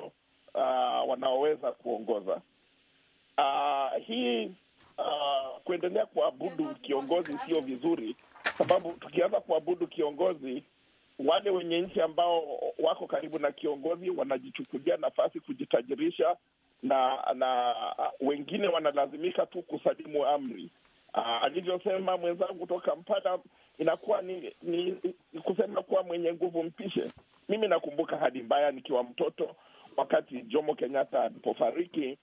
uh, wanaoweza kuongoza uh, hii Uh, kuendelea kuabudu kiongozi sio vizuri, sababu tukianza kuabudu kiongozi wale wenye nchi ambao wako karibu na kiongozi wanajichukulia nafasi kujitajirisha, na na wengine wanalazimika tu kusalimu amri. Uh, alivyosema mwenzangu kutoka Kampala, inakuwa ni, ni kusema kuwa mwenye nguvu mpishe. Mimi nakumbuka hadi mbaya nikiwa mtoto, wakati Jomo Kenyatta alipofariki,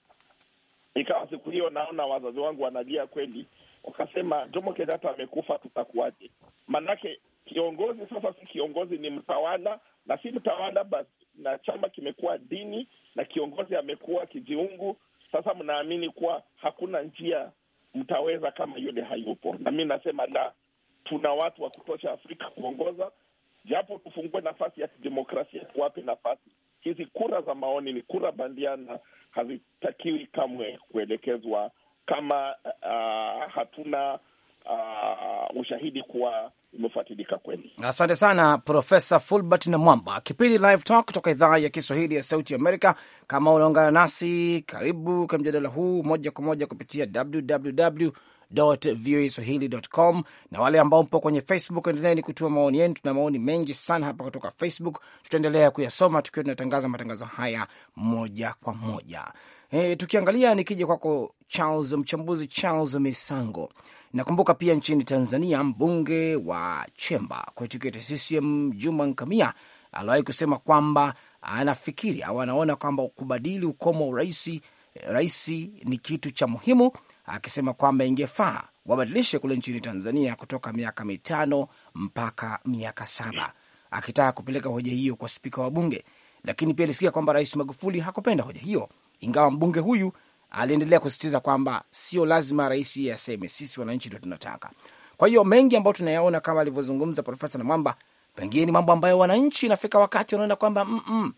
ikawa siku hiyo naona wazazi wangu wanalia kweli, wakasema Jomo Kenyatta amekufa, tutakuwaje? Manake Kiongozi sasa si kiongozi, ni mtawala, na si mtawala basi, na chama kimekuwa dini na kiongozi amekuwa kijiungu. Sasa mnaamini kuwa hakuna njia mtaweza kama yule hayupo, na mi nasema la, tuna watu wa kutosha Afrika kuongoza, japo tufungue nafasi ya kidemokrasia, tuwape nafasi. Hizi kura za maoni ni kura bandia na hazitakiwi kamwe kuelekezwa kama uh, hatuna uh, ushahidi kuwa imefatilika kweli. Asante sana Profesa Fulbert na Mwamba. Kipindi Live Talk kutoka idhaa ya Kiswahili ya Sauti Amerika. Kama unaungana nasi, karibu kwa mjadala huu moja kwa moja kupitia www voaswahili.com, na wale ambao mpo kwenye Facebook, endeleni kutoa maoni yenu. Tuna maoni mengi sana hapa kutoka Facebook, tutaendelea kuyasoma tukiwa tunatangaza matangazo haya moja kwa moja. E, tukiangalia nikija kwako Charles, mchambuzi Charles Misango, nakumbuka pia nchini Tanzania mbunge wa Chemba kwa tiketi CCM Juma Nkamia aliwahi kusema kwamba anafikiri au anaona kwamba kubadili ukomo wa uraisi, eh, rais ni kitu cha muhimu akisema kwamba ingefaa wabadilishe kule nchini Tanzania kutoka miaka mitano mpaka miaka saba, akitaka kupeleka hoja hiyo kwa spika wa bunge. Lakini pia alisikia kwamba Rais Magufuli hakupenda hoja hiyo, ingawa mbunge huyu aliendelea kusisitiza kwamba sio lazima rais yeye aseme, sisi wananchi ndio tunataka. Kwa hiyo mengi ambayo tunayaona kama alivyozungumza Profesa Namwamba, pengine ni mambo ambayo wananchi nafika wakati wanaona kwamba mm -mm,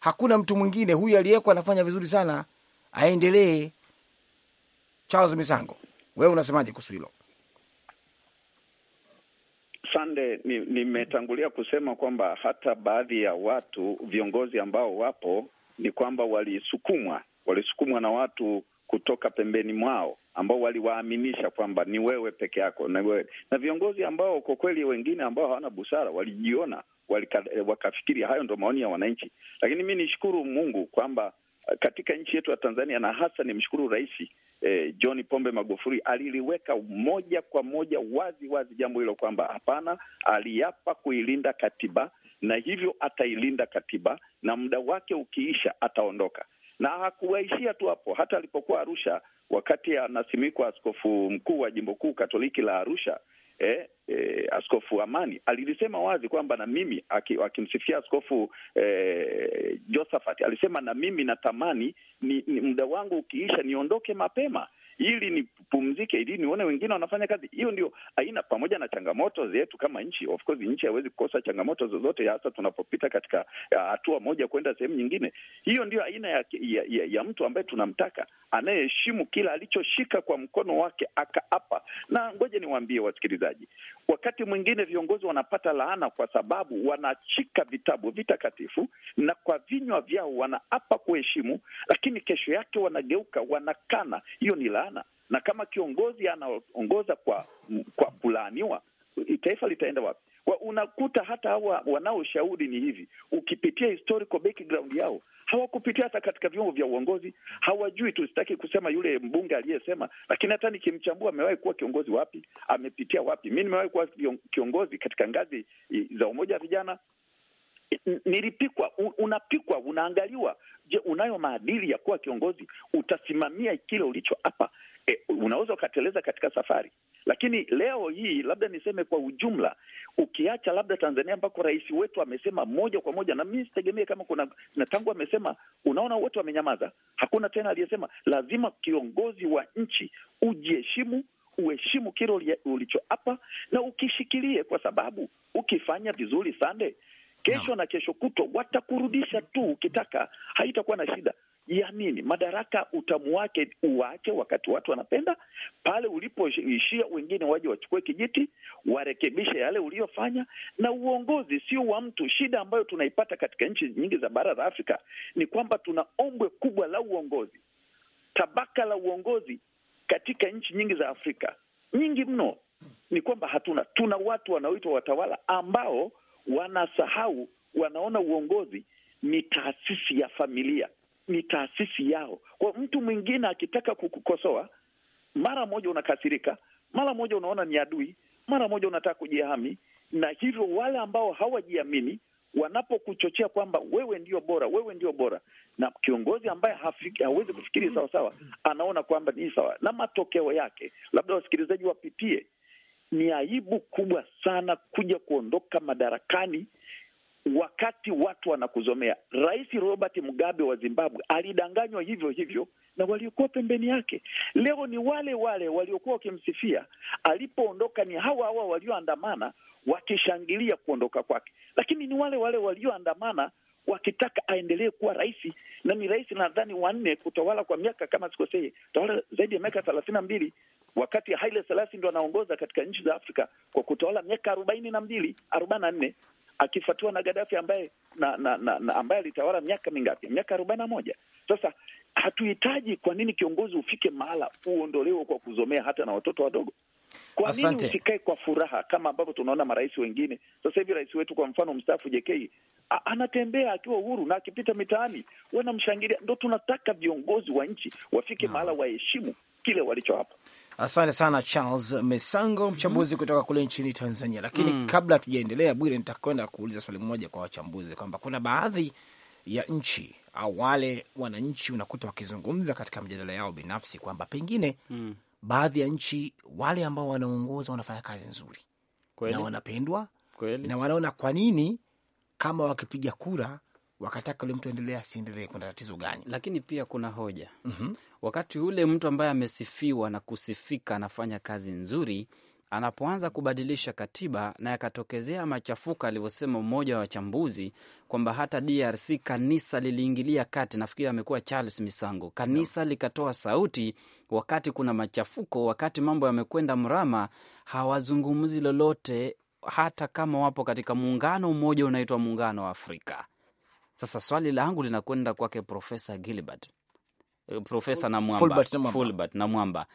hakuna mtu mwingine huyu aliyeko anafanya vizuri sana, aendelee Charles Misango, wewe unasemaje kuhusu hilo? Sande, nimetangulia ni kusema kwamba hata baadhi ya watu viongozi ambao wapo ni kwamba walisukumwa, walisukumwa na watu kutoka pembeni mwao ambao waliwaaminisha kwamba ni wewe peke yako, na wewe na viongozi ambao kwa kweli wengine ambao hawana busara walijiona walika, wakafikiri hayo ndo maoni ya wananchi. Lakini mi nishukuru Mungu kwamba katika nchi yetu ya Tanzania na hasa nimshukuru rais eh, John Pombe Magufuli aliliweka moja kwa moja wazi wazi jambo hilo kwamba hapana, aliapa kuilinda katiba na hivyo atailinda katiba na muda wake ukiisha ataondoka. Na hakuwaishia tu hapo, hata alipokuwa Arusha wakati anasimikwa askofu mkuu wa jimbo kuu Katoliki la Arusha eh, eh, Askofu Amani alilisema wazi kwamba na mimi akimsifia aki Askofu eh, Josephat alisema na mimi natamani ni, ni muda wangu ukiisha niondoke mapema ili nipumzike, ili nione wengine wanafanya kazi. Hiyo ndio aina, pamoja na changamoto zetu kama nchi. Of course nchi haiwezi kukosa changamoto zozote, hasa tunapopita katika ah, hatua moja kwenda sehemu nyingine. Hiyo ndio aina ya, ya, ya, ya mtu ambaye tunamtaka anayeheshimu kila alichoshika kwa mkono wake akaapa. Na ngoja niwaambie wasikilizaji, wakati mwingine viongozi wanapata laana kwa sababu wanashika vitabu vitakatifu na kwa vinywa vyao wanaapa kuheshimu, lakini kesho yake wanageuka wanakana. Hiyo ni laana kuonekana, na kama kiongozi anaongoza kwa kwa kulaaniwa, taifa litaenda wapi? Unakuta hata hawa wanaoshauri ni hivi, ukipitia historical background yao hawakupitia hata katika vyombo vya uongozi, hawajui tu. Sitaki kusema yule mbunge aliyesema, lakini hata nikimchambua amewahi kuwa kiongozi wapi, amepitia wapi. Mi nimewahi kuwa kiongozi katika ngazi za umoja wa vijana, nilipikwa, unapikwa, unaangaliwa. Je, unayo maadili ya kuwa kiongozi? Utasimamia kile hapa? E, unaweza ukateleza katika safari, lakini leo hii labda niseme kwa ujumla, ukiacha labda Tanzania ambako rais wetu amesema moja kwa moja, na mi sitegemee kama kuna na tangu amesema, unaona wote wamenyamaza, hakuna tena aliyesema. Lazima kiongozi wa nchi ujiheshimu, uheshimu kile ulichoapa na ukishikilie, kwa sababu ukifanya vizuri sande kesho na kesho kuto watakurudisha tu ukitaka, haitakuwa na shida. nini. madaraka utamu wake uwache wakati watu wanapenda. Pale ulipoishia, wengine waje wachukue kijiti, warekebishe yale uliyofanya. Na uongozi sio wa mtu. Shida ambayo tunaipata katika nchi nyingi za bara la Afrika ni kwamba tuna ombwe kubwa la uongozi, tabaka la uongozi katika nchi nyingi za Afrika nyingi mno. Ni kwamba hatuna, tuna watu wanaoitwa watawala ambao wanasahau, wanaona uongozi ni taasisi ya familia, ni taasisi yao. Kwa mtu mwingine akitaka kukukosoa, mara moja unakasirika, mara moja unaona ni adui, mara moja unataka kujihami, na hivyo wale ambao hawajiamini wanapokuchochea kwamba wewe ndio bora, wewe ndio bora, na kiongozi ambaye hawezi kufikiri sawasawa, anaona kwamba ni sawa, na matokeo yake labda wasikilizaji wapitie ni aibu kubwa sana kuja kuondoka madarakani wakati watu wanakuzomea. Rais Robert Mugabe wa Zimbabwe alidanganywa hivyo hivyo na waliokuwa pembeni yake. Leo ni wale wale waliokuwa wakimsifia, alipoondoka ni hawa hawa walioandamana wakishangilia kuondoka kwake, lakini ni wale wale walioandamana wakitaka aendelee kuwa rais, na ni rais nadhani wanne kutawala kwa miaka kama sikosei, tawala zaidi ya miaka thelathini na mbili wakati Haile Selassie ndo anaongoza katika nchi za Afrika kwa kutawala miaka arobaini na mbili arobaini na nne akifuatiwa na Gaddafi ambaye na, na, na, na ambaye alitawala miaka mingapi? Miaka arobaini na moja. Sasa hatuhitaji. Kwa nini kiongozi ufike mahala uondolewe kwa kuzomea hata na watoto wadogo? Kwa nini usikae kwa furaha kama ambavyo tunaona marais wengine sasa hivi? Rais wetu kwa mfano mstaafu JK anatembea akiwa uhuru na akipita mitaani wanamshangilia. Ndo tunataka viongozi wa nchi wafike mahala waheshimu kile walicho hapa Asante sana Charles Mesango, mchambuzi mm. kutoka kule nchini Tanzania. Lakini mm. kabla tujaendelea Bwire, nitakwenda kuuliza swali moja kwa wachambuzi kwamba kuna baadhi ya nchi au wale wananchi unakuta wakizungumza katika mjadala yao binafsi kwamba pengine mm. baadhi ya nchi wale ambao wanaongoza wanafanya kazi nzuri kweli, na wanapendwa kweli, na wanaona kwa nini kama wakipiga kura wakataka ule mtu aendelee asiendelee, kuna tatizo gani? Lakini pia kuna hoja mm -hmm wakati ule mtu ambaye amesifiwa na kusifika anafanya kazi nzuri, anapoanza kubadilisha katiba na yakatokezea machafuko alivyosema mmoja wa wachambuzi kwamba hata DRC kanisa liliingilia kati. Nafikiri amekuwa Charles Misango, kanisa no. likatoa sauti wakati kuna machafuko, wakati mambo yamekwenda mrama, hawazungumzi lolote, hata kama wapo katika muungano mmoja unaitwa Muungano wa Afrika. Sasa swali langu linakwenda kwake Profesa Gilbert Eh, profesa Namwamba, Fulbert Namwamba,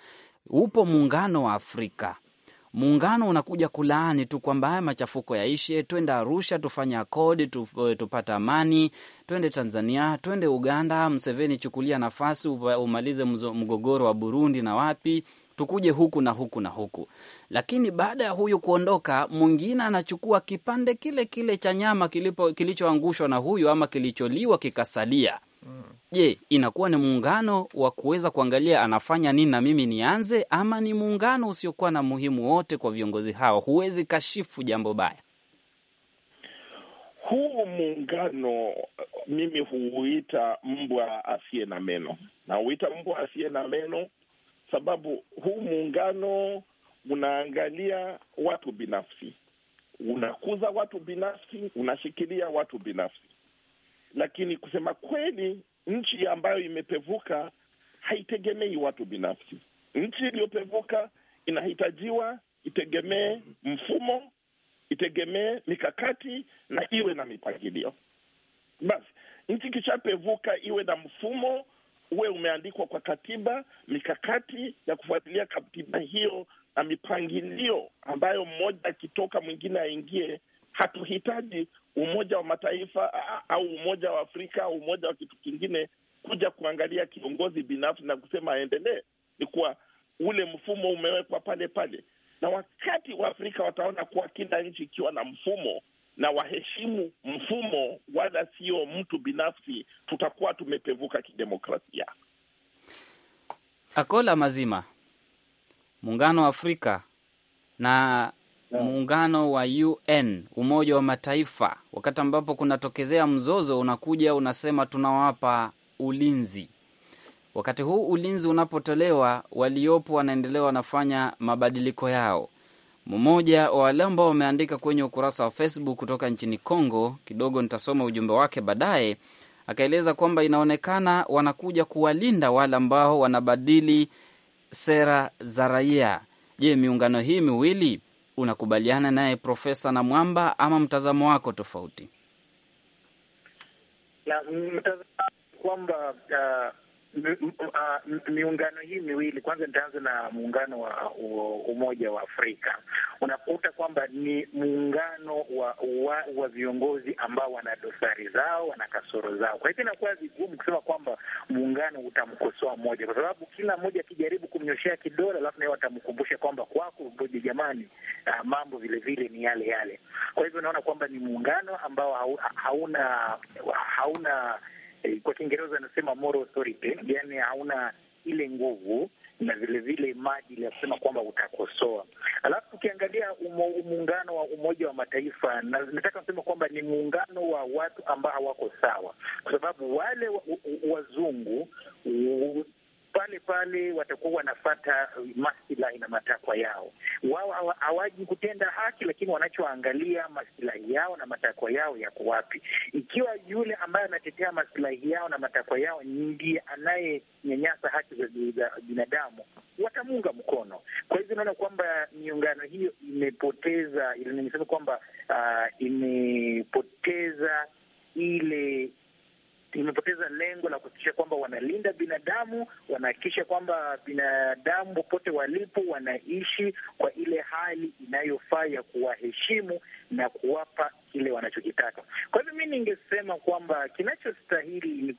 upo muungano wa Afrika. Muungano unakuja kulaani tu kwamba haya machafuko yaishe, twende Arusha tufanye akodi, eh, tupate amani, twende Tanzania, twende Uganda, Mseveni chukulia nafasi, umalize mgogoro wa Burundi na wapi tukuje huku na huku na huku. Lakini baada ya huyu kuondoka, mwingine anachukua kipande kile kile cha nyama kilichoangushwa na huyu ama kilicholiwa kikasalia. Je, inakuwa ni muungano wa kuweza kuangalia anafanya nini na mimi nianze, ama ni muungano usiokuwa na muhimu wote kwa viongozi hao? Huwezi kashifu jambo baya. Huu muungano mimi huuita mbwa asiye na meno, na huita mbwa asiye na meno sababu huu muungano unaangalia watu binafsi, unakuza watu binafsi, unashikilia watu binafsi lakini kusema kweli, nchi ambayo imepevuka haitegemei watu binafsi. Nchi iliyopevuka inahitajiwa itegemee mfumo, itegemee mikakati na iwe na mipangilio. Basi nchi ikishapevuka iwe na mfumo, uwe umeandikwa kwa katiba, mikakati ya kufuatilia katiba hiyo na mipangilio ambayo mmoja akitoka mwingine aingie. Hatuhitaji Umoja wa Mataifa au Umoja wa Afrika au umoja wa kitu kingine kuja kuangalia kiongozi binafsi na kusema aendelee, ni kuwa ule mfumo umewekwa pale pale, na wakati wa Afrika wataona kuwa kila nchi ikiwa na mfumo na waheshimu mfumo, wala sio mtu binafsi, tutakuwa tumepevuka kidemokrasia. Akola mazima muungano wa Afrika na muungano wa UN, Umoja wa Mataifa, wakati ambapo kunatokezea mzozo, unakuja unasema tunawapa ulinzi. Wakati huu ulinzi unapotolewa, waliopo wanaendelea wanafanya mabadiliko yao. Mmoja wa wale ambao wameandika kwenye ukurasa wa Facebook kutoka nchini congo kidogo nitasoma ujumbe wake baadaye, akaeleza kwamba inaonekana wanakuja kuwalinda wale ambao wanabadili sera za raia. Je, miungano hii miwili Unakubaliana naye Profesa Namwamba ama mtazamo wako tofauti? Na, mtazamo kwamba uh Ah, miungano hii miwili kwanza, nitaanza na muungano wa Umoja wa Afrika. Unakuta kwamba ni muungano wa, wa, wa viongozi ambao wana dosari zao, wana kasoro zao. Kwa hivyo inakuwa vigumu kusema kwamba muungano utamkosoa mmoja, kwa sababu kila mmoja akijaribu kumnyoshea kidole, alafu naye watamkumbusha kwamba kwako Mboje jamani, uh, mambo vilevile ni yale yale. Kwa hivyo unaona kwamba ni muungano ambao hauna hauna, hauna Eh, kwa Kiingereza anasema moral authority, yani hauna ile nguvu na vilevile maji la kusema kwamba utakosoa. Alafu tukiangalia muungano wa Umoja wa Mataifa, na nataka kusema kwamba ni muungano wa watu ambao hawako sawa, kwa sababu wale wazungu pale pale watakuwa wanafata maslahi na matakwa yao. Wao hawaji kutenda haki, lakini wanachoangalia maslahi yao na matakwa yao yako wapi. Ikiwa yule ambaye anatetea maslahi yao na matakwa yao ndiye anayenyanyasa haki za binadamu, watamuunga mkono. Kwa hivyo naona kwamba miungano hiyo imepoteza, nimesema kwamba uh, imepoteza ile imepoteza lengo la kuhakikisha kwamba wanalinda binadamu, wanahakikisha kwamba binadamu popote walipo wanaishi kwa ile hali inayofaa ya kuwaheshimu na kuwapa kile wanachokitaka. Kwa hivyo mi ningesema kwamba kinachostahili ni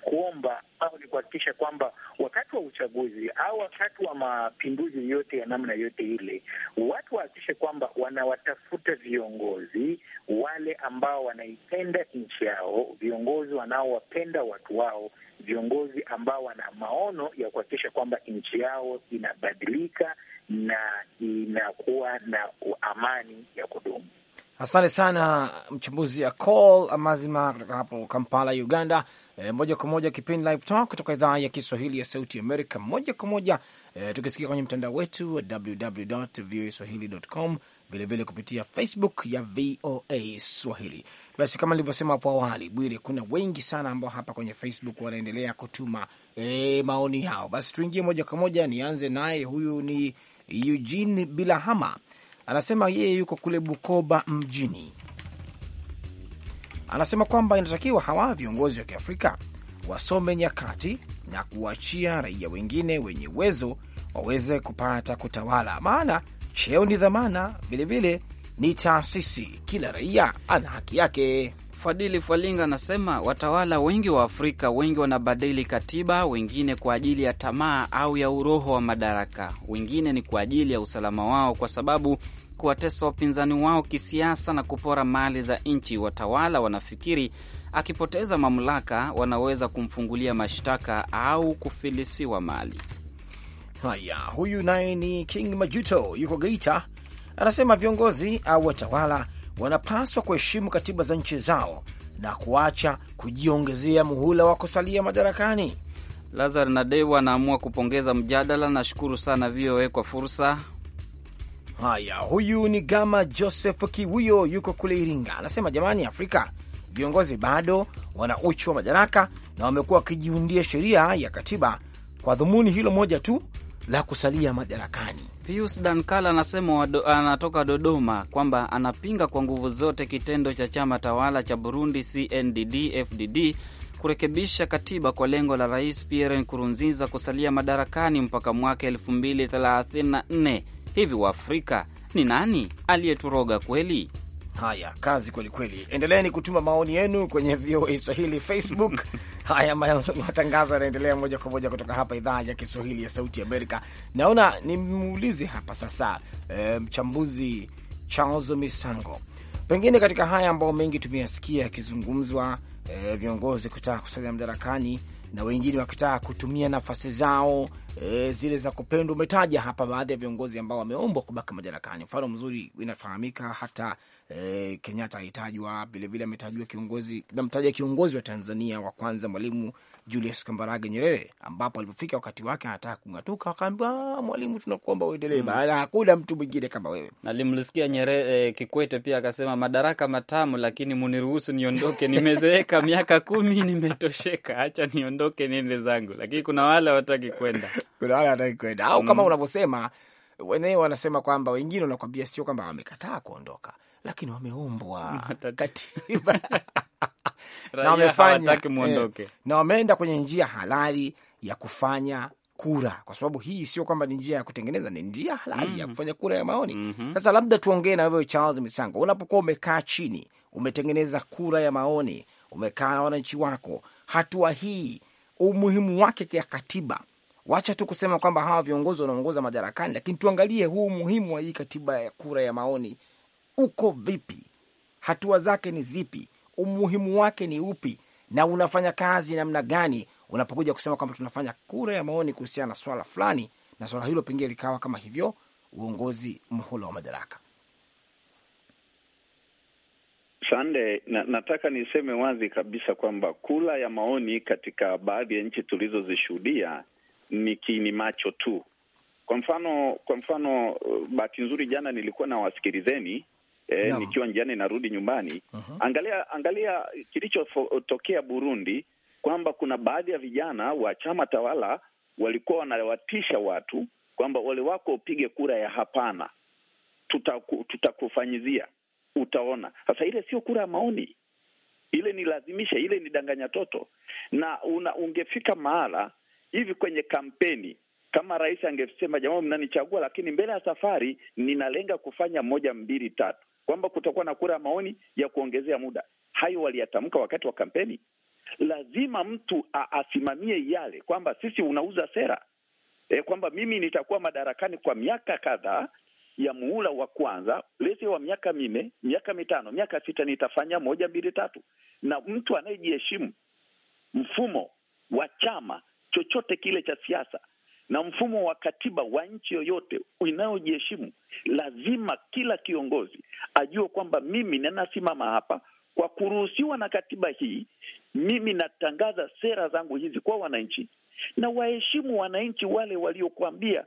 kuomba au ni kuhakikisha kwamba wakati wa uchaguzi au wakati wa mapinduzi yote ya namna yote ile, watu wahakikishe kwamba wanawatafuta viongozi wale ambao wanaipenda nchi yao, viongozi wanaowapenda watu wao, viongozi ambao wana maono ya kuhakikisha kwamba nchi yao inabadilika na inakuwa na amani ya kudumu. Asante sana mchambuzi ya Call Amazima kutoka hapo Kampala, Uganda e, moja kwa moja kipindi Live Talk kutoka idhaa ya Kiswahili ya Sauti Amerika, moja kwa moja e, eh, tukisikia kwenye mtandao wetu wa www.voaswahili.com, vilevile kupitia Facebook ya VOA Swahili. Basi kama nilivyosema hapo awali, Bwire, kuna wengi sana ambao hapa kwenye Facebook wanaendelea kutuma e, maoni yao. Basi tuingie moja kwa moja, nianze naye, huyu ni Eugene Bilahama, anasema yeye yuko kule Bukoba mjini anasema kwamba inatakiwa hawa viongozi wa Kiafrika wasome nyakati na kuachia raia wengine wenye uwezo waweze kupata kutawala, maana cheo ni dhamana, vilevile ni taasisi. Kila raia ana haki yake. Fadili falinga anasema watawala wengi wa Afrika wengi wanabadili katiba, wengine kwa ajili ya tamaa au ya uroho wa madaraka, wengine ni kwa ajili ya usalama wao, kwa sababu kuwatesa wapinzani wao kisiasa na kupora mali za nchi. Watawala wanafikiri akipoteza mamlaka wanaweza kumfungulia mashtaka au kufilisiwa mali. Haya, huyu naye ni King Majuto, yuko Geita, anasema viongozi au watawala wanapaswa kuheshimu katiba za nchi zao na kuacha kujiongezea muhula wa kusalia madarakani. Lazar Nadewa anaamua kupongeza mjadala. Nashukuru sana VOA kwa fursa Haya, huyu ni Gama Joseph Kiwio, yuko kule Iringa, anasema jamani, Afrika viongozi bado wana uchu wa madaraka na wamekuwa wakijiundia sheria ya katiba kwa dhumuni hilo moja tu la kusalia madarakani. Pius Dankala anasema anatoka Dodoma kwamba anapinga kwa nguvu zote kitendo cha chama tawala cha Burundi CNDD-FDD kurekebisha katiba kwa lengo la Rais Pierre Nkurunziza kusalia madarakani mpaka mwaka 2034. Hivi Waafrika ni nani aliyeturoga kweli? Haya, kazi kwelikweli. Endeleeni kutuma maoni yenu kwenye VOA Swahili Facebook. Haya, matangazo yanaendelea moja kwa moja kutoka hapa idhaa ya Kiswahili ya Sauti Amerika. Naona nimuulize hapa sasa eh, mchambuzi um, Charles Misango, pengine katika haya ambayo mengi tumeyasikia yakizungumzwa, e, eh, viongozi kutaka kusalia madarakani na wengine wakitaka kutumia nafasi zao e, zile za kupendwa. Umetaja hapa baadhi ya viongozi ambao wameombwa kubaki madarakani. Mfano mzuri inafahamika hata e, Kenyatta alitajwa vilevile, ametajwa kiongozi, namtaja kiongozi wa Tanzania wa kwanza Mwalimu Julius Kambarage Nyerere, ambapo alipofika wakati wake anataka kung'atuka, akaambiwa ah, mwalimu, tunakuomba uendelee, maana mm. hakuna mtu mwingine kama wewe. Nalimlisikia Nyerere eh, Kikwete pia akasema, madaraka matamu, lakini muniruhusu niondoke, nimezeeka miaka kumi, nimetosheka, hacha niondoke niende zangu. Lakini kuna wale hawataki kwenda, kuna wale hawataki kwenda, au kama mm. unavyosema wenyewe wanasema kwamba wengine wanakwambia sio kwamba wamekataa kuondoka kwa lakini wameumbwa katiba na wamefanya eh, na wameenda kwenye njia halali ya kufanya kura kwa sababu hii sio kwamba ni njia ya kutengeneza, ni njia halali mm -hmm. ya kufanya kura ya maoni mm -hmm. Sasa labda tuongee na wewe Charles Misango, unapokuwa umekaa chini, umetengeneza kura ya maoni, umekaa na wananchi wako, hatua hii umuhimu wake ya katiba, wacha tu kusema kwamba hawa viongozi wanaongoza madarakani, lakini tuangalie huu umuhimu wa hii katiba ya kura ya maoni uko vipi, hatua zake ni zipi, umuhimu wake ni upi, na unafanya kazi namna gani unapokuja kusema kwamba tunafanya kura ya maoni kuhusiana na swala fulani, na swala hilo pengine likawa kama hivyo uongozi mhula wa madaraka. Sande na, nataka niseme wazi kabisa kwamba kura ya maoni katika baadhi ya nchi tulizozishuhudia ni kiini macho tu. Kwa mfano, kwa mfano uh, bahati nzuri jana nilikuwa na wasikilizeni Eh, no. nikiwa njiani narudi nyumbani uh -huh. Angalia, angalia kilichotokea Burundi kwamba kuna baadhi ya vijana wa chama tawala walikuwa wanawatisha watu kwamba wale wako upige kura ya hapana, tutakufanyizia tuta, utaona. Sasa ile sio kura ya maoni, ile ni lazimisha, ile ni danganya toto, na una, ungefika mahala hivi kwenye kampeni kama rais angesema jamani, mnanichagua lakini mbele ya safari ninalenga kufanya moja mbili tatu kwamba kutakuwa na kura ya maoni ya kuongezea muda. Hayo waliyatamka wakati wa kampeni. Lazima mtu asimamie yale, kwamba sisi unauza sera e, kwamba mimi nitakuwa madarakani kwa miaka kadhaa ya muhula wa kwanza lese wa miaka minne, miaka mitano, miaka sita, nitafanya moja, mbili, tatu. Na mtu anayejiheshimu mfumo wa chama chochote kile cha siasa na mfumo wa katiba wa nchi yoyote inayojiheshimu, lazima kila kiongozi ajue kwamba mimi ninasimama hapa kwa kuruhusiwa na katiba hii, mimi natangaza sera zangu hizi kwa wananchi, na waheshimu wananchi wale waliokuambia,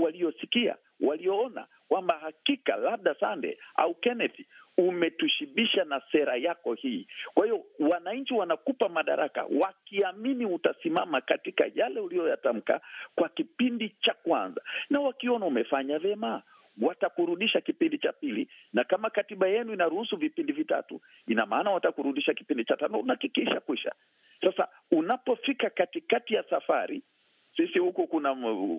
waliosikia walioona kwamba hakika labda Sande au Kenneth umetushibisha na sera yako hii. Kwa hiyo wananchi wanakupa madaraka wakiamini utasimama katika yale uliyoyatamka kwa kipindi cha kwanza, na wakiona umefanya vyema watakurudisha kipindi cha pili, na kama katiba yenu inaruhusu vipindi vitatu, ina maana watakurudisha kipindi cha tano na kikisha kwisha. Sasa unapofika katikati ya safari sisi huku kuna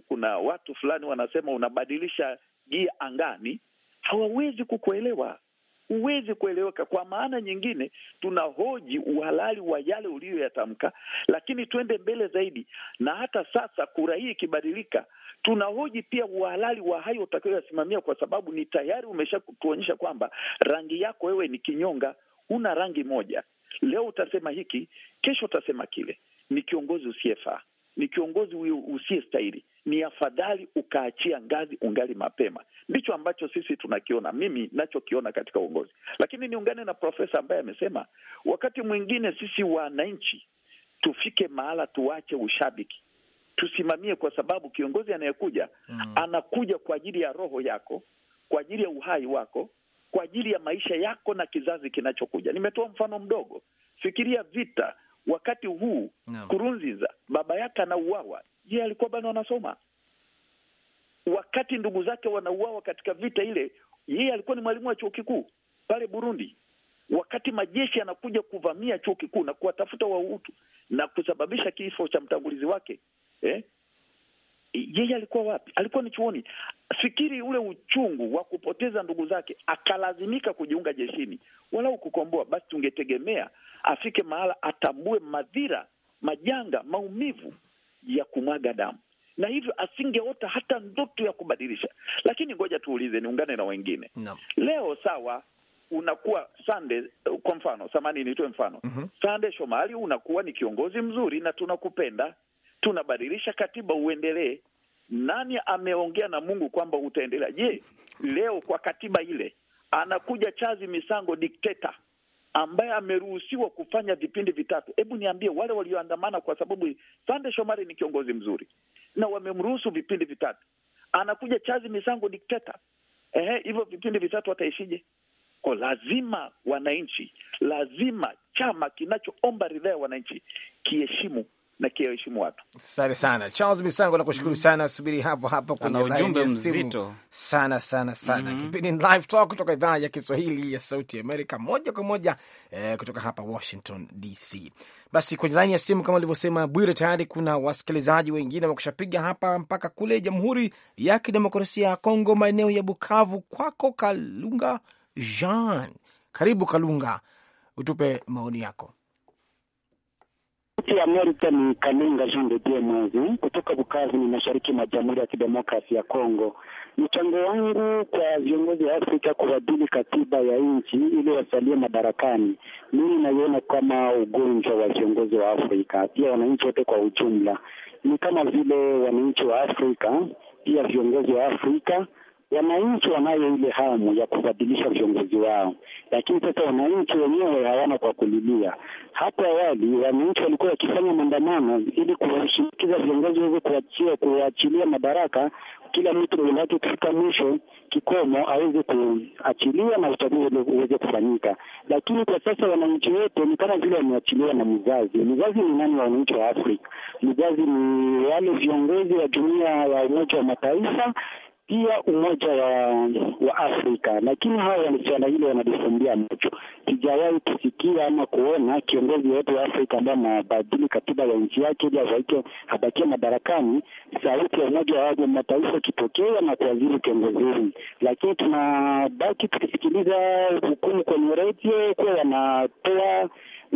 kuna watu fulani wanasema unabadilisha gia angani, hawawezi kukuelewa, huwezi kueleweka. Kwa maana nyingine, tunahoji uhalali wa yale uliyoyatamka, lakini twende mbele zaidi, na hata sasa kura hii ikibadilika tunahoji pia uhalali wa hayo utakayoyasimamia, kwa sababu ni tayari umeshatuonyesha kwamba rangi yako wewe ni kinyonga, huna rangi moja. Leo utasema hiki, kesho utasema kile. Ni kiongozi usiyefaa ni kiongozi huyo stahili ni afadhali ukaachia ngazi ungali mapema. Ndicho ambacho sisi tunakiona, mimi nachokiona katika uongozi. Lakini niungane na profesa ambaye amesema wakati mwingine sisi wananchi tufike mahala tuache ushabiki, tusimamie, kwa sababu kiongozi anayekuja mm, anakuja kwa ajili ya roho yako, kwa ajili ya uhai wako, kwa ajili ya maisha yako na kizazi kinachokuja. Nimetoa mfano mdogo, fikiria vita wakati huu no. Kurunziza baba yake anauawa, yeye alikuwa bado anasoma? Wakati ndugu zake wanauawa katika vita ile, yeye alikuwa ni mwalimu wa chuo kikuu pale Burundi. Wakati majeshi yanakuja kuvamia chuo kikuu na kuwatafuta Wahutu na kusababisha kifo cha mtangulizi wake eh, yeye alikuwa wapi? Alikuwa ni chuoni. Fikiri ule uchungu wa kupoteza ndugu zake, akalazimika kujiunga jeshini walau kukomboa. Basi tungetegemea afike mahala atambue madhira, majanga, maumivu ya kumwaga damu, na hivyo asingeota hata ndoto ya kubadilisha. Lakini ngoja tuulize, niungane na wengine no. Leo sawa, unakuwa sande kwa mfano, samani nitoe mfano mm -hmm. Sande Shomali unakuwa ni kiongozi mzuri na tunakupenda tunabadilisha katiba uendelee. Nani ameongea na Mungu kwamba utaendelea? Je, leo kwa katiba ile anakuja Chazi Misango dikteta ambaye ameruhusiwa kufanya vipindi vitatu. Hebu niambie, wale walioandamana kwa sababu Sande Shomari ni kiongozi mzuri na wamemruhusu vipindi vitatu, anakuja Chazi Misango dikteta. Ehe, hivyo vipindi vitatu wataishije? Kwa lazima wananchi, lazima chama kinachoomba ridhaa ya wananchi kiheshimu na heshima watu. Asante sana Charles Misango, nakushukuru mm. sana. Subiri hapo hapo, kuna ujumbe mzito sana sana sana. mm -hmm. Kipindi ni Live Talk kutoka idhaa ya Kiswahili ya Sauti ya Amerika, moja kwa moja eh, kutoka hapa Washington DC. Basi kwenye laini ya simu kama alivyosema Bwire, tayari kuna wasikilizaji wengine wakushapiga hapa mpaka kule Jamhuri ya Kidemokrasia ya Kongo, maeneo ya Bukavu. Kwako Kalunga Jean, karibu Kalunga, utupe maoni yako ya Amerika ni Kaninga Jean de kutoka Bukavu, ni mashariki mwa Jamhuri ya Kidemokrasi ya Kongo. Mchango wangu kwa viongozi wa Afrika kubadili katiba ya nchi ili wasalie madarakani, mimi naiona kama ugonjwa wa viongozi wa Afrika, pia wananchi wote kwa ujumla. Ni kama vile wananchi wa Afrika pia viongozi wa Afrika wananchi wanayo ile hamu ya kubadilisha viongozi wao, lakini sasa wananchi wenyewe hawana kwa kulilia. Hapo awali wananchi walikuwa wakifanya maandamano ili kuwashinikiza viongozi waweze kuachia kuachilia madaraka, kila mtu muda wake ukifika mwisho kikomo aweze kuachiliwa na uchaguzi uweze kufanyika. Lakini kwa sasa wananchi wote ni kama vile wameachiliwa na mzazi. Mzazi ni nani wananchi wa Afrika? Mzazi ni wale viongozi wa jumuiya ya Umoja wa Mataifa pia Umoja wa, wa Afrika, lakini hawa wanachana hilo wanajifumbia macho. Sijawahi kusikia ama kuona kiongozi wote wa Afrika ambaye anabadili katiba ya nchi yake ili abakie madarakani, sauti ya Umoja wa Mataifa ikitokea na kuadhiri kiongozi huyu, lakini tunabaki tukisikiliza hukumu kwenye redio kuwa wanatoa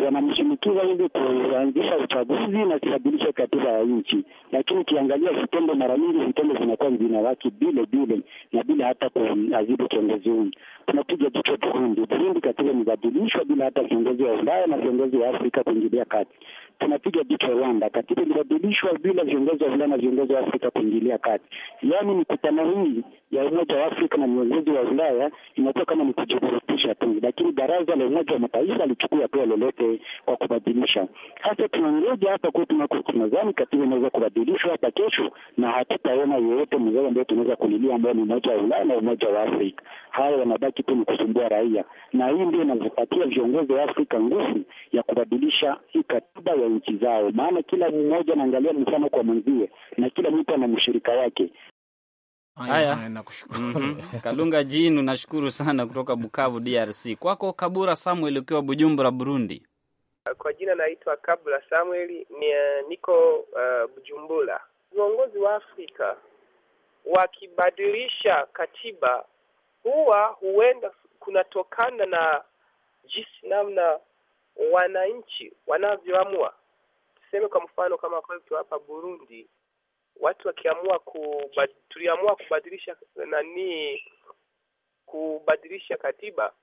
wanamshinikiza hivi kuanzisha uchaguzi na kubadilisha katiba ya nchi, lakini ukiangalia vitendo, mara nyingi vitendo vinakuwa vinawaki bile bile na bila hata kuazibu kiongozi huyu. Tunapiga jicho Burundi. Burundi katiba imebadilishwa bila hata viongozi wa Ulaya na viongozi wa Afrika kuingilia kati. Tunapiga jicho Rwanda, katiba imebadilishwa bila viongozi wa Ulaya na viongozi wa Afrika kuingilia kati. Yaani mikutano hii ya Umoja wa Afrika na viongozi wa Ulaya inakuwa kama ni kujiburutisha tu, lakini baraza la Umoja wa Mataifa alichukua hatua lolote wote wa kubadilisha. Hata tunangoja hapa kwa, tunadhani katiba inaweza kubadilishwa hata kesho, na hatutaona yeyote mzee ambaye tunaweza kulilia ambayo ni umoja wa Ulaya na umoja wa Afrika. Haya wanabaki tu ni kusumbua raia, na hii ndio inavyopatia viongozi wa Afrika nguvu ya kubadilisha hii katiba ya nchi zao, maana kila mmoja anaangalia mfano kwa mwenzie na kila mtu ana mshirika wake. Haya, mhm. Kalunga Jinu, nashukuru sana kutoka Bukavu, DRC. Kwako Kabura Samuel ukiwa Bujumbura, Burundi. Eh, kwa jina naitwa Kabla Samuel, ni eh, niko uh, Bujumbura. Viongozi wa Afrika wakibadilisha katiba huwa huenda kunatokana na jinsi namna wananchi wanavyoamua. Tuseme kwa mfano kama kwetu hapa Burundi, watu wakiamua kubad, tuliamua kubadilisha nani, kubadilisha katiba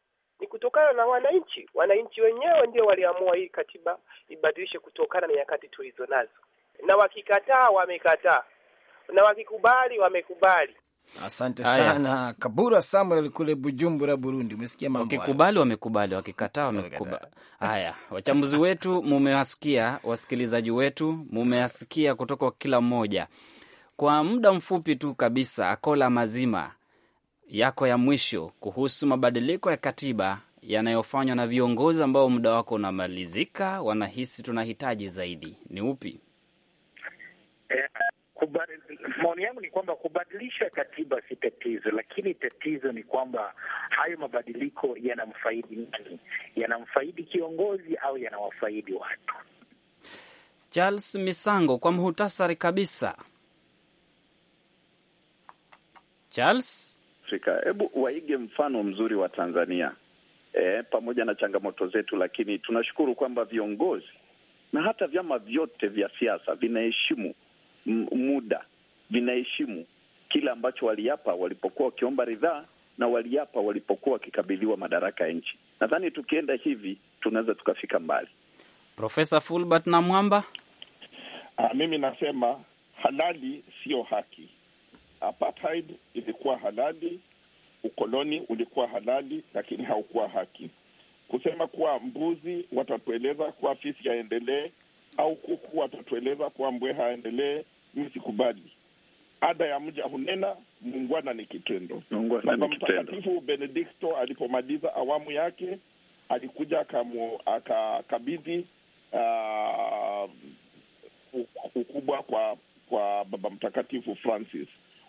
ni kutokana na wananchi. Wananchi wenyewe ndio waliamua hii katiba ibadilishe kutokana na nyakati tulizo nazo, na wakikataa wamekataa, na wakikubali wamekubali. Asante sana Aya. Kabura Samuel kule Bujumbura, Burundi. Umesikia mambo wakikubali wamekubali, wakikataa wamekubali. Haya, wachambuzi wetu mumewasikia, wasikilizaji wetu mumewasikia kutoka kila mmoja. Kwa muda mfupi tu kabisa, Akola Mazima, yako ya mwisho kuhusu mabadiliko ya katiba yanayofanywa na viongozi ambao muda wako unamalizika, wanahisi tunahitaji zaidi, ni upi? Eh, maoni yangu ni kwamba kubadilisha katiba si tatizo, lakini tatizo ni kwamba hayo mabadiliko yanamfaidi nani? Yanamfaidi kiongozi au yanawafaidi watu? Charles Misango, kwa muhtasari kabisa. Charles Afrika, hebu waige mfano mzuri wa Tanzania. E, pamoja na changamoto zetu, lakini tunashukuru kwamba viongozi na hata vyama vyote vya siasa vinaheshimu muda, vinaheshimu kile ambacho waliapa walipokuwa wakiomba ridhaa na waliapa walipokuwa wakikabidhiwa madaraka ya nchi. Nadhani tukienda hivi tunaweza tukafika mbali. Profesa Fulbert Namwamba, ah, mimi nasema halali siyo haki apartheid ilikuwa halali, ukoloni ulikuwa halali, lakini haukuwa haki. Kusema kuwa mbuzi watatueleza kuwa fisi yaendelee au kuku watatueleza kuwa mbweha aendelee, mi sikubali. Ada ya mja hunena, muungwana ni kitendo. Baba Mtakatifu Benedikto alipomaliza awamu yake alikuja akakabidhi uh, ukubwa kwa kwa Baba Mtakatifu Francis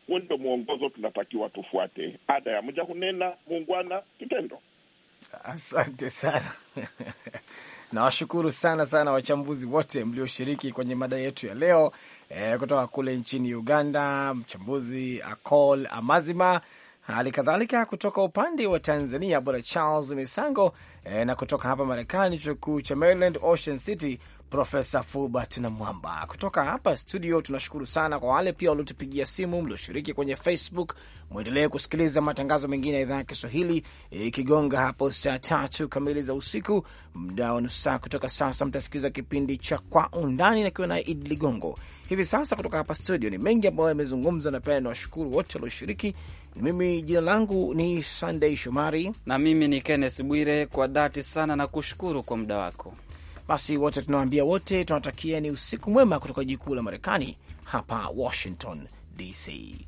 huo ndio mwongozo tunatakiwa tufuate. Ada ya mja hunena, muungwana kitendo. Asante sana nawashukuru sana sana wachambuzi wote mlioshiriki kwenye mada yetu ya leo e, kutoka kule nchini Uganda, mchambuzi acol Amazima, hali kadhalika kutoka upande wa Tanzania bwana Charles Misango e, na kutoka hapa Marekani, chuo kikuu cha Maryland Ocean City Profesa Fulbert na Mwamba. Kutoka hapa studio, tunashukuru sana kwa wale pia waliotupigia simu, mlioshiriki kwenye Facebook. Mwendelee kusikiliza matangazo mengine ya idhaa ya Kiswahili eh, ikigonga hapo saa tatu kamili za usiku, mda wa nusu saa kutoka sasa. Mtasikiliza kipindi cha Kwa Undani nakiwa naye Idi Ligongo hivi sasa. Kutoka hapa studio, ni mengi ambayo yamezungumza, na pia niwashukuru wote walioshiriki. Mimi jina langu ni Sunday Shomari na mimi ni Kennes Bwire. Kwa dhati sana na kushukuru kwa muda wako. Basi wote tunawaambia wote tunawatakia ni usiku mwema kutoka jikuu la Marekani hapa Washington DC.